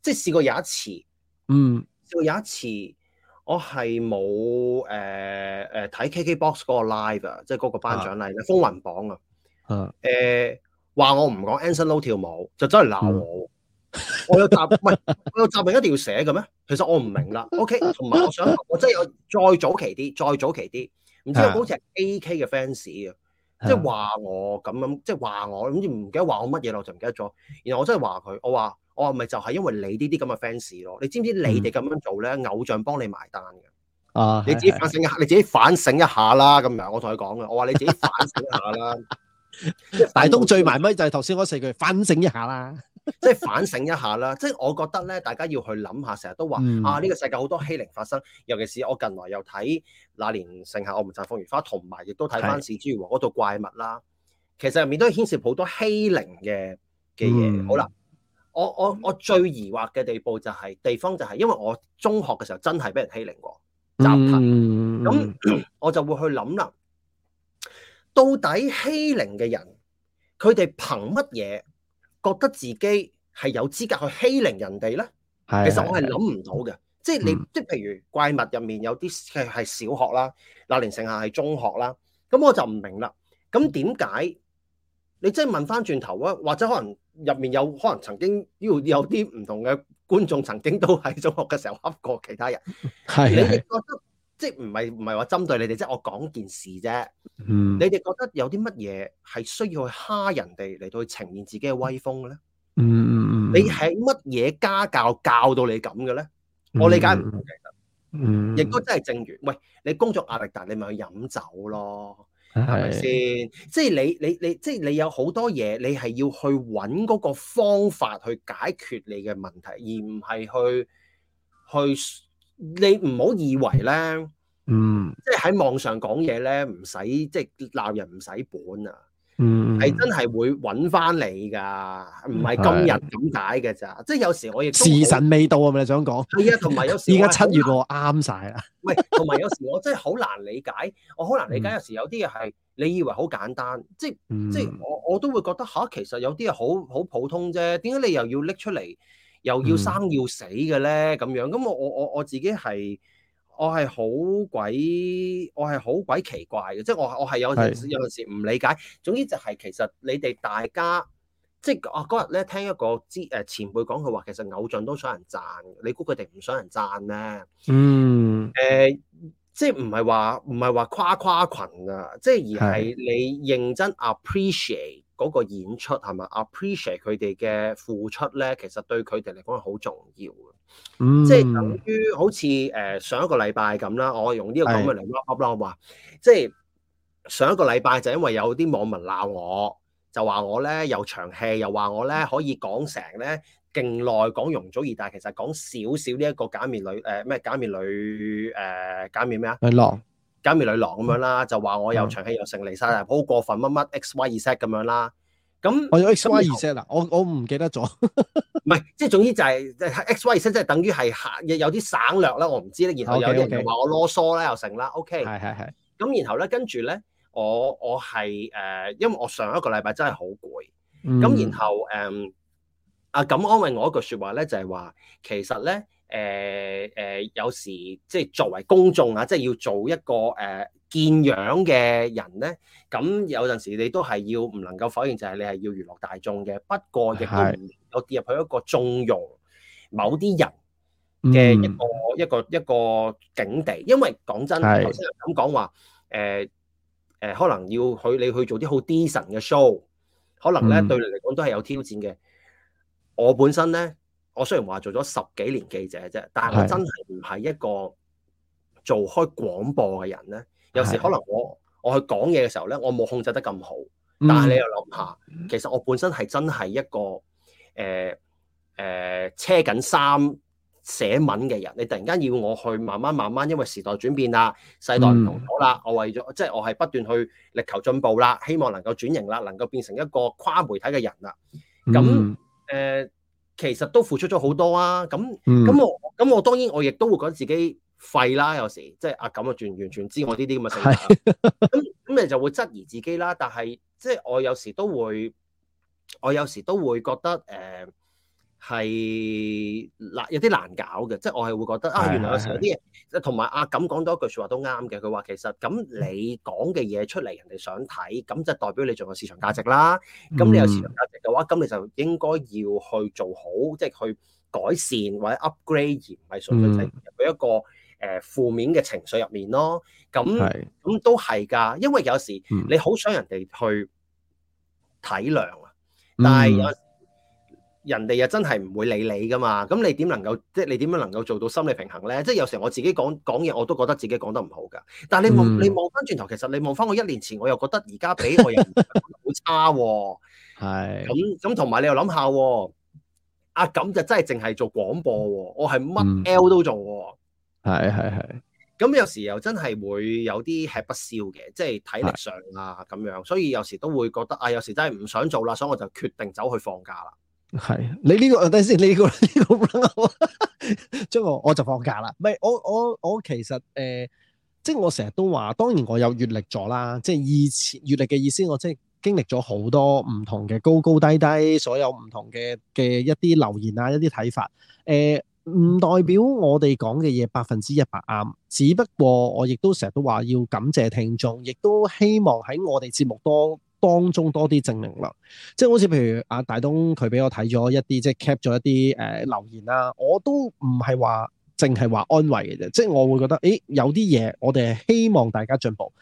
即係試過有一次，嗯，試過有一次我係冇誒誒睇 KKBox 嗰個 live 個啊，即係嗰個頒獎禮嘅風雲榜啊，誒、呃、話我唔講 Anson Lo 跳舞就真係鬧我。嗯 我有集唔係我有集名一定要寫嘅咩？其實我唔明啦。OK，同埋我想，我真係有再早期啲，再早期啲。唔知好似係 AK 嘅 fans 啊？即係話我咁樣，即係話我好似唔記得話我乜嘢咯，我就唔記得咗。然後我真係話佢，我話我話咪就係因為你呢啲咁嘅 fans 咯。你知唔知你哋咁樣做咧， 偶像幫你埋單嘅？啊、哦！你自己反省一下，你自己反省一下啦。咁樣，我同佢講嘅，我話你自己反省一下啦。 大東最埋尾就係頭先嗰四句，反省一下啦。 即係反省一下啦，即係我覺得咧，大家要去諗下，成日都話啊，呢、這個世界好多欺凌發生，尤其是我近來又睇那年盛夏我們綻放如花，同埋亦都睇翻是枝裕和嗰度怪物啦，其實入面都牽涉好多欺凌嘅嘅嘢。好啦，我我我最疑惑嘅地步就係、是、地方就係，因為我中學嘅時候真係俾人欺凌過，紮頭，咁、嗯、我就會去諗啦，到底欺凌嘅人佢哋憑乜嘢？他們覺得自己係有資格去欺凌人哋咧，其實我係諗唔到嘅，是是是即係你即係、嗯、譬如怪物入面有啲係小學啦，嗱連剩下係中學啦，咁我就唔明啦。咁點解你即係問翻轉頭啊？或者可能入面有可能曾經要有啲唔同嘅觀眾曾經都喺中學嘅時候恰過其他人，係你覺得？即係唔係唔係話針對你哋，即係我講件事啫。嗯，你哋覺得有啲乜嘢係需要去蝦人哋嚟到去呈現自己嘅威風咧？嗯，你係乜嘢家教教到你咁嘅咧？我理解唔明嘅。嗯，亦都真係正如，喂，你工作壓力大，你咪去飲酒咯，係咪先？即係你你你，即係你有好多嘢，你係要去揾嗰個方法去解決你嘅問題，而唔係去去。去你唔好以為咧，嗯，即係喺網上講嘢咧，唔使即係鬧人，唔使本啊，嗯，係真係會揾翻你㗎，唔係今日點解嘅咋？即係有時我亦時辰未到啊，咪想講，係啊，同埋有，有時而家七月喎，啱晒啦。喂，同埋有，有時我真係好難理解， 我好難理解有時有啲嘢係你以為好簡單，嗯、即係即係我我都會覺得吓，其實有啲嘢好好普通啫，點解你又要拎出嚟？又要生要死嘅咧，咁、嗯、樣咁我我我我自己係我係好鬼我係好鬼奇怪嘅，即係我我係有陣時有陣時唔理解。總之就係其實你哋大家即我嗰日咧聽一個知誒前輩講，佢話其實偶像都想人讚，你估佢哋唔想人讚呢？嗯誒，即唔係話唔係話誇誇群啊，即係而係你認真 appreciate。嗰、那個演出係咪 appreciate 佢哋嘅付出咧？其實對佢哋嚟講係好重要嘅、嗯，即係等於好似誒上一個禮拜咁啦。我用呢個咁嘅嚟 wrap up 啦，好唔好啊？即係上一個禮拜就因為有啲網民鬧我，就話我咧又長氣，又話我咧可以講成咧勁耐講容祖兒，但係其實講少少呢一個假面女誒咩、呃、假面女誒、呃、假面咩啊？女郎。假面女郎咁樣啦，就話我有長氣又成，勝嚟曬，好過分乜乜 X Y 二 set 咁樣啦。咁我 X Y 二 set 嗱，我有 XYZ? 我唔記得咗，唔 係即係總之就係 X Y set 即係等於係有啲省略啦，我唔知咧。然後有人又話我囉嗦啦，又成啦。O K，係係係。咁然後咧，跟住咧，我我係誒、呃，因為我上一個禮拜真係好攰。咁、嗯、然後誒，阿、呃、咁、啊、安慰我一句説話咧，就係、是、話其實咧。誒誒，有時即係作為公眾啊，即係要做一個誒見樣嘅人咧。咁有陣時你都係要唔能夠否認，就係你係要娛樂大眾嘅。不過亦都唔能夠跌入去一個縱容某啲人嘅一個一個一個境地。因為講真，頭先咁講話誒誒，可能要去你去做啲好 decent 嘅 show，可能咧對你嚟講都係有挑戰嘅。我本身咧。我雖然話做咗十幾年記者啫，但係我真係唔係一個做開廣播嘅人咧。有時可能我我去講嘢嘅時候咧，我冇控制得咁好。但係你又諗下，嗯、其實我本身係真係一個誒誒、呃呃、車緊衫寫文嘅人。你突然間要我去慢慢慢慢，因為時代轉變啦，世代唔同好啦。嗯、我為咗即係我係不斷去力求進步啦，希望能夠轉型啦，能夠變成一個跨媒體嘅人啦。咁誒。嗯呃其實都付出咗好多啊！咁咁、嗯、我咁我當然我亦都會覺得自己廢啦，有時即係阿感啊，完完全知道我呢啲咁嘅性格。咁咁你就會質疑自己啦。但係即係我有時都會，我有時都會覺得誒。呃係嗱，有啲難搞嘅，即係我係會覺得啊，原來有時有啲嘢，同埋阿感講多一句説話都啱嘅。佢話其實咁你講嘅嘢出嚟，人哋想睇，咁就代表你仲有市場價值啦。咁你有市場價值嘅話，咁你就應該要去做好，即係去改善或者 upgrade，而唔係純粹喺一個誒負面嘅情緒入面咯。咁咁都係㗎，因為有時你好想人哋去體諒啊，但係有。人哋又真係唔會理你噶嘛，咁你點能夠即係你點樣能夠做到心理平衡咧？即係有時候我自己講講嘢，我都覺得自己講得唔好噶。但係你望、嗯、你望翻轉頭，其實你望翻我一年前，我又覺得而家比我又好差喎、啊。係咁咁，同埋你又諗下、啊，阿、啊、錦就真係淨係做廣播、啊，我係乜 L 都做、啊。係係係。咁有時候又真係會有啲吃不消嘅，即係體力上啊咁樣，所以有時候都會覺得啊，有時候真係唔想做啦，所以我就決定走去放假啦。係，你呢、這個等先，呢、這個呢、這個 round 將我我就放假啦。唔係，我我我其實誒、呃，即係我成日都話，當然我有閱歷咗啦，即係以前閱歷嘅意思，我即係經歷咗好多唔同嘅高高低低，所有唔同嘅嘅一啲留言啊，一啲睇法。誒、呃，唔代表我哋講嘅嘢百分之一百啱，只不過我亦都成日都話要感謝聽眾，亦都希望喺我哋節目多當中多啲正能量，即係好似譬如阿大東佢俾我睇咗一啲，即係 cap 咗一啲、呃、留言啦，我都唔係話淨係話安慰嘅啫，即係我會覺得，誒有啲嘢我哋係希望大家進步。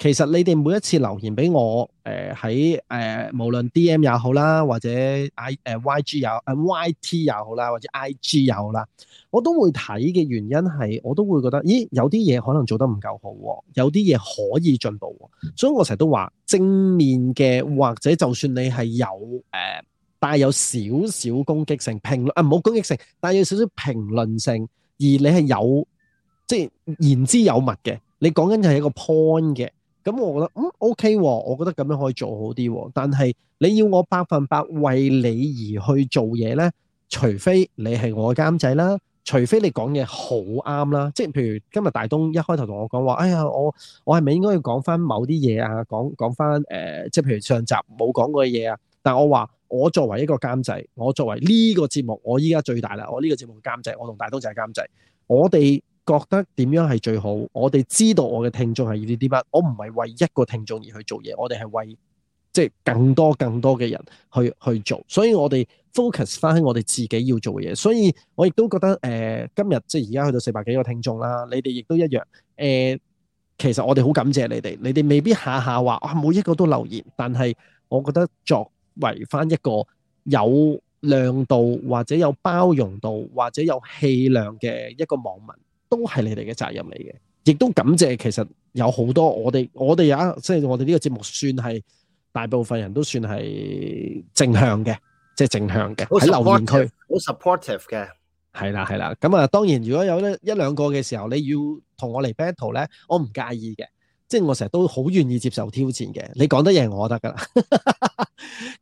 其實你哋每一次留言俾我，誒喺誒，無論 D.M 也好啦，或者 I 誒、呃、Y.G. 也誒、呃、Y.T. 又好啦，或者 I.G. 也好啦，我都會睇嘅原因係，我都會覺得，咦，有啲嘢可能做得唔夠好，有啲嘢可以進步。所以我成日都話，正面嘅或者就算你係有誒，帶、呃、有少少攻擊性評論啊，唔好攻擊性，帶、呃、有少少評論性，而你係有即係、就是、言之有物嘅，你講緊係一個 point 嘅。咁我覺得嗯 OK 喎、啊，我覺得咁樣可以做好啲喎、啊。但係你要我百分百為你而去做嘢呢？除非你係我監製啦，除非你講嘢好啱啦。即係譬如今日大東一開頭同我講話，哎呀，我我係咪應該要講返某啲嘢啊？講返，返、呃、即係譬如上集冇講過嘅嘢啊。但我話我作為一個監製，我作為呢個節目，我依家最大啦。我呢個節目監製，我同大東就係監製，我哋。覺得點樣係最好？我哋知道我嘅聽眾係要呢啲啲乜，我唔係為一個聽眾而去做嘢，我哋係為即係更多更多嘅人去去做，所以我哋 focus 翻喺我哋自己要做嘅嘢。所以我亦都覺得、呃、今日即係而家去到四百幾個聽眾啦，你哋亦都一樣、呃、其實我哋好感謝你哋，你哋未必下下話啊，每一個都留言，但係我覺得作為翻一個有量度或者有包容度或者有氣量嘅一個網民。都係你哋嘅責任嚟嘅，亦都感謝。其實有好多我哋，我哋而家即係我哋呢個節目算，算係大部分人都算係正向嘅，即係正向嘅，喺留言區好 supportive 嘅，係啦係啦。咁啊，當然如果有呢一兩個嘅時候，你要同我嚟 battle 咧，我唔介意嘅。即係我成日都好願意接受挑戰嘅，你講得嘢係我得㗎 啦。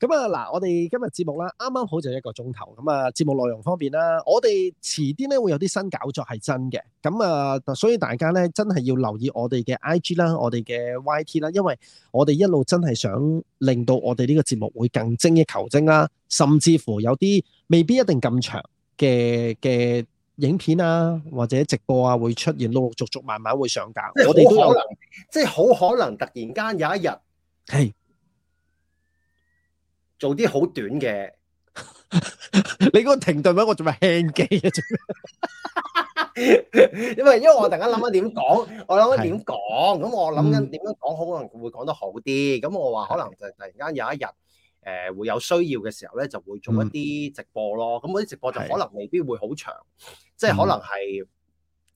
咁啊嗱，我哋今日節目啦，啱啱好就一個鐘頭。咁啊，節目內容方面啦，我哋遲啲咧會有啲新搞作係真嘅。咁啊，所以大家咧真係要留意我哋嘅 IG 啦，我哋嘅 YT 啦，因為我哋一路真係想令到我哋呢個節目會更精益求精啦，甚至乎有啲未必一定咁長嘅嘅。的影片啊，或者直播啊，會出現陸陸續續，慢慢會上架，即係。我哋都有，即係好可能突然間有一日係、hey. 做啲好短嘅。 你嗰個停頓位，我做咪 hand 機啊？因 為 因為我突然間諗緊點講，我諗緊點講，咁 我諗緊點樣講，可能會講得好啲。咁我話可能就突然間有一日，誒、呃、會有需要嘅時候咧，就會做一啲直播咯。咁嗰啲直播就可能未必會好長。即係可能係誒、嗯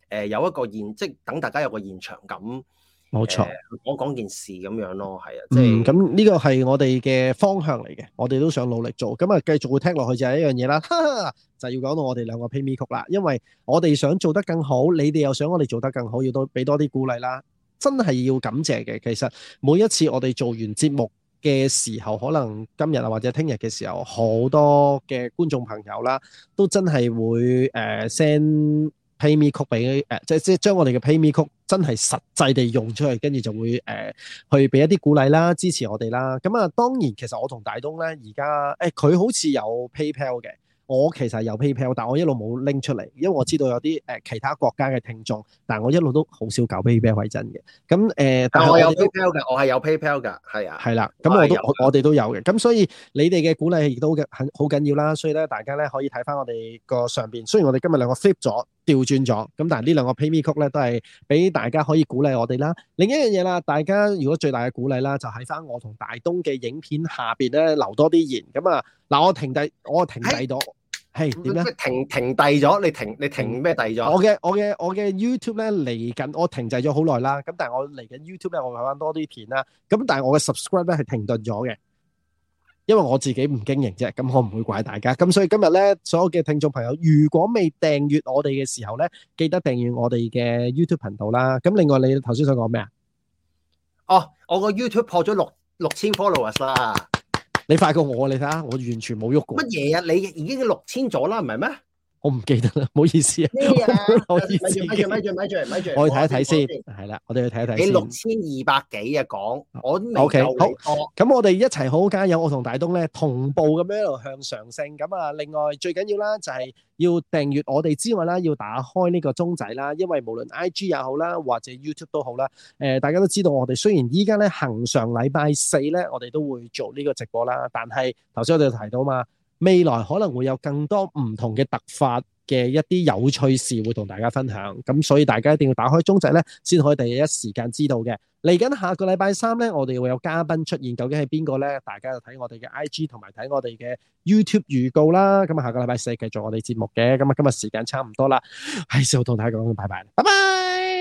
呃、有一個現即是等大家有個現場感，冇錯，講、呃、講件事咁樣咯，係啊，即係咁呢個係我哋嘅方向嚟嘅，我哋都想努力做。咁啊，繼續會聽落去就係一樣嘢啦，哈哈，就要講到我哋兩個 payme 曲啦。因為我哋想做得更好，你哋又想我哋做得更好，要多俾多啲鼓勵啦。真係要感謝嘅，其實每一次我哋做完節目。嘅時候，可能今日啊，或者聽日嘅時候，好多嘅觀眾朋友啦，都真係會誒、呃、send Pay Me 曲俾誒，即係即係將我哋嘅 Pay Me 曲真係實際地用出去，跟住就會誒、呃、去俾一啲鼓勵啦，支持我哋啦。咁啊，當然其實我同大東咧，而家誒佢好似有 PayPal 嘅。我其實有 PayPal，但我一路冇拎出嚟，因為我知道有啲其他國家嘅聽眾，但我一路都好少搞 PayPal 為真嘅。咁、呃、但我有 PayPal 㗎，我係有 PayPal 㗎，係啊，係啦，咁我都、嗯、我哋都有嘅。咁所以你哋嘅鼓勵亦都好好緊要啦。所以咧，大家咧可以睇翻我哋個上面。雖然我哋今日兩個 flip 咗，調轉咗，咁但係呢兩個 PayMe 曲咧都係俾大家可以鼓勵我哋啦。另一樣嘢啦，大家如果最大嘅鼓勵啦，就喺翻我同大東嘅影片下面咧留多啲言。咁啊，嗱，我停低，我停低咗。係點咧？停停滯咗，你停你停咩滯咗？我嘅我嘅我嘅 YouTube 咧嚟緊，我停滯咗好耐啦。咁但係我嚟緊 YouTube 咧，我慢慢多啲片啦。咁但係我嘅 subscribe 咧係停頓咗嘅，因為我自己唔經營啫。咁我唔會怪大家。咁所以今日咧，所有嘅聽眾朋友，如果未訂閱我哋嘅時候咧，記得訂閱我哋嘅 YouTube 頻道啦。咁另外，你頭先想講咩啊？哦，我個 YouTube 破咗六六千 followers 啦。你快過我，你睇下，我完全冇喐過。乜嘢啊？你已經六千咗啦，唔係咩？我唔記得啦，唔好意思啊。咩啊？咪住咪住咪住咪住咪住。我去睇一睇先。係啦，我哋去睇一睇。你六千二百幾啊？講，我 O K，好。咁我哋一齊好好加油。我同大東咧同步咁樣一路向上升。咁啊，另外最緊要啦，就係要訂閱我哋之外啦，要打開呢個鐘仔啦。因為無論 I G 又好啦，或者 YouTube 都好啦。誒、呃，大家都知道我哋雖然依家咧行上禮拜四咧，我哋都會做呢個直播啦。但係頭先我哋提到嘛。未來可能會有更多唔同嘅突發嘅一啲有趣事會同大家分享，咁所以大家一定要打開鐘仔呢，先可以第一時間知道嘅。嚟緊下個禮拜三呢，我哋會有嘉賓出現，究竟係邊個呢？大家就睇我哋嘅 IG 同埋睇我哋嘅 YouTube 預告啦。咁啊，下個禮拜四繼續我哋節目嘅。咁啊，今日時間差唔多啦，係時候同大家講，拜拜，拜拜。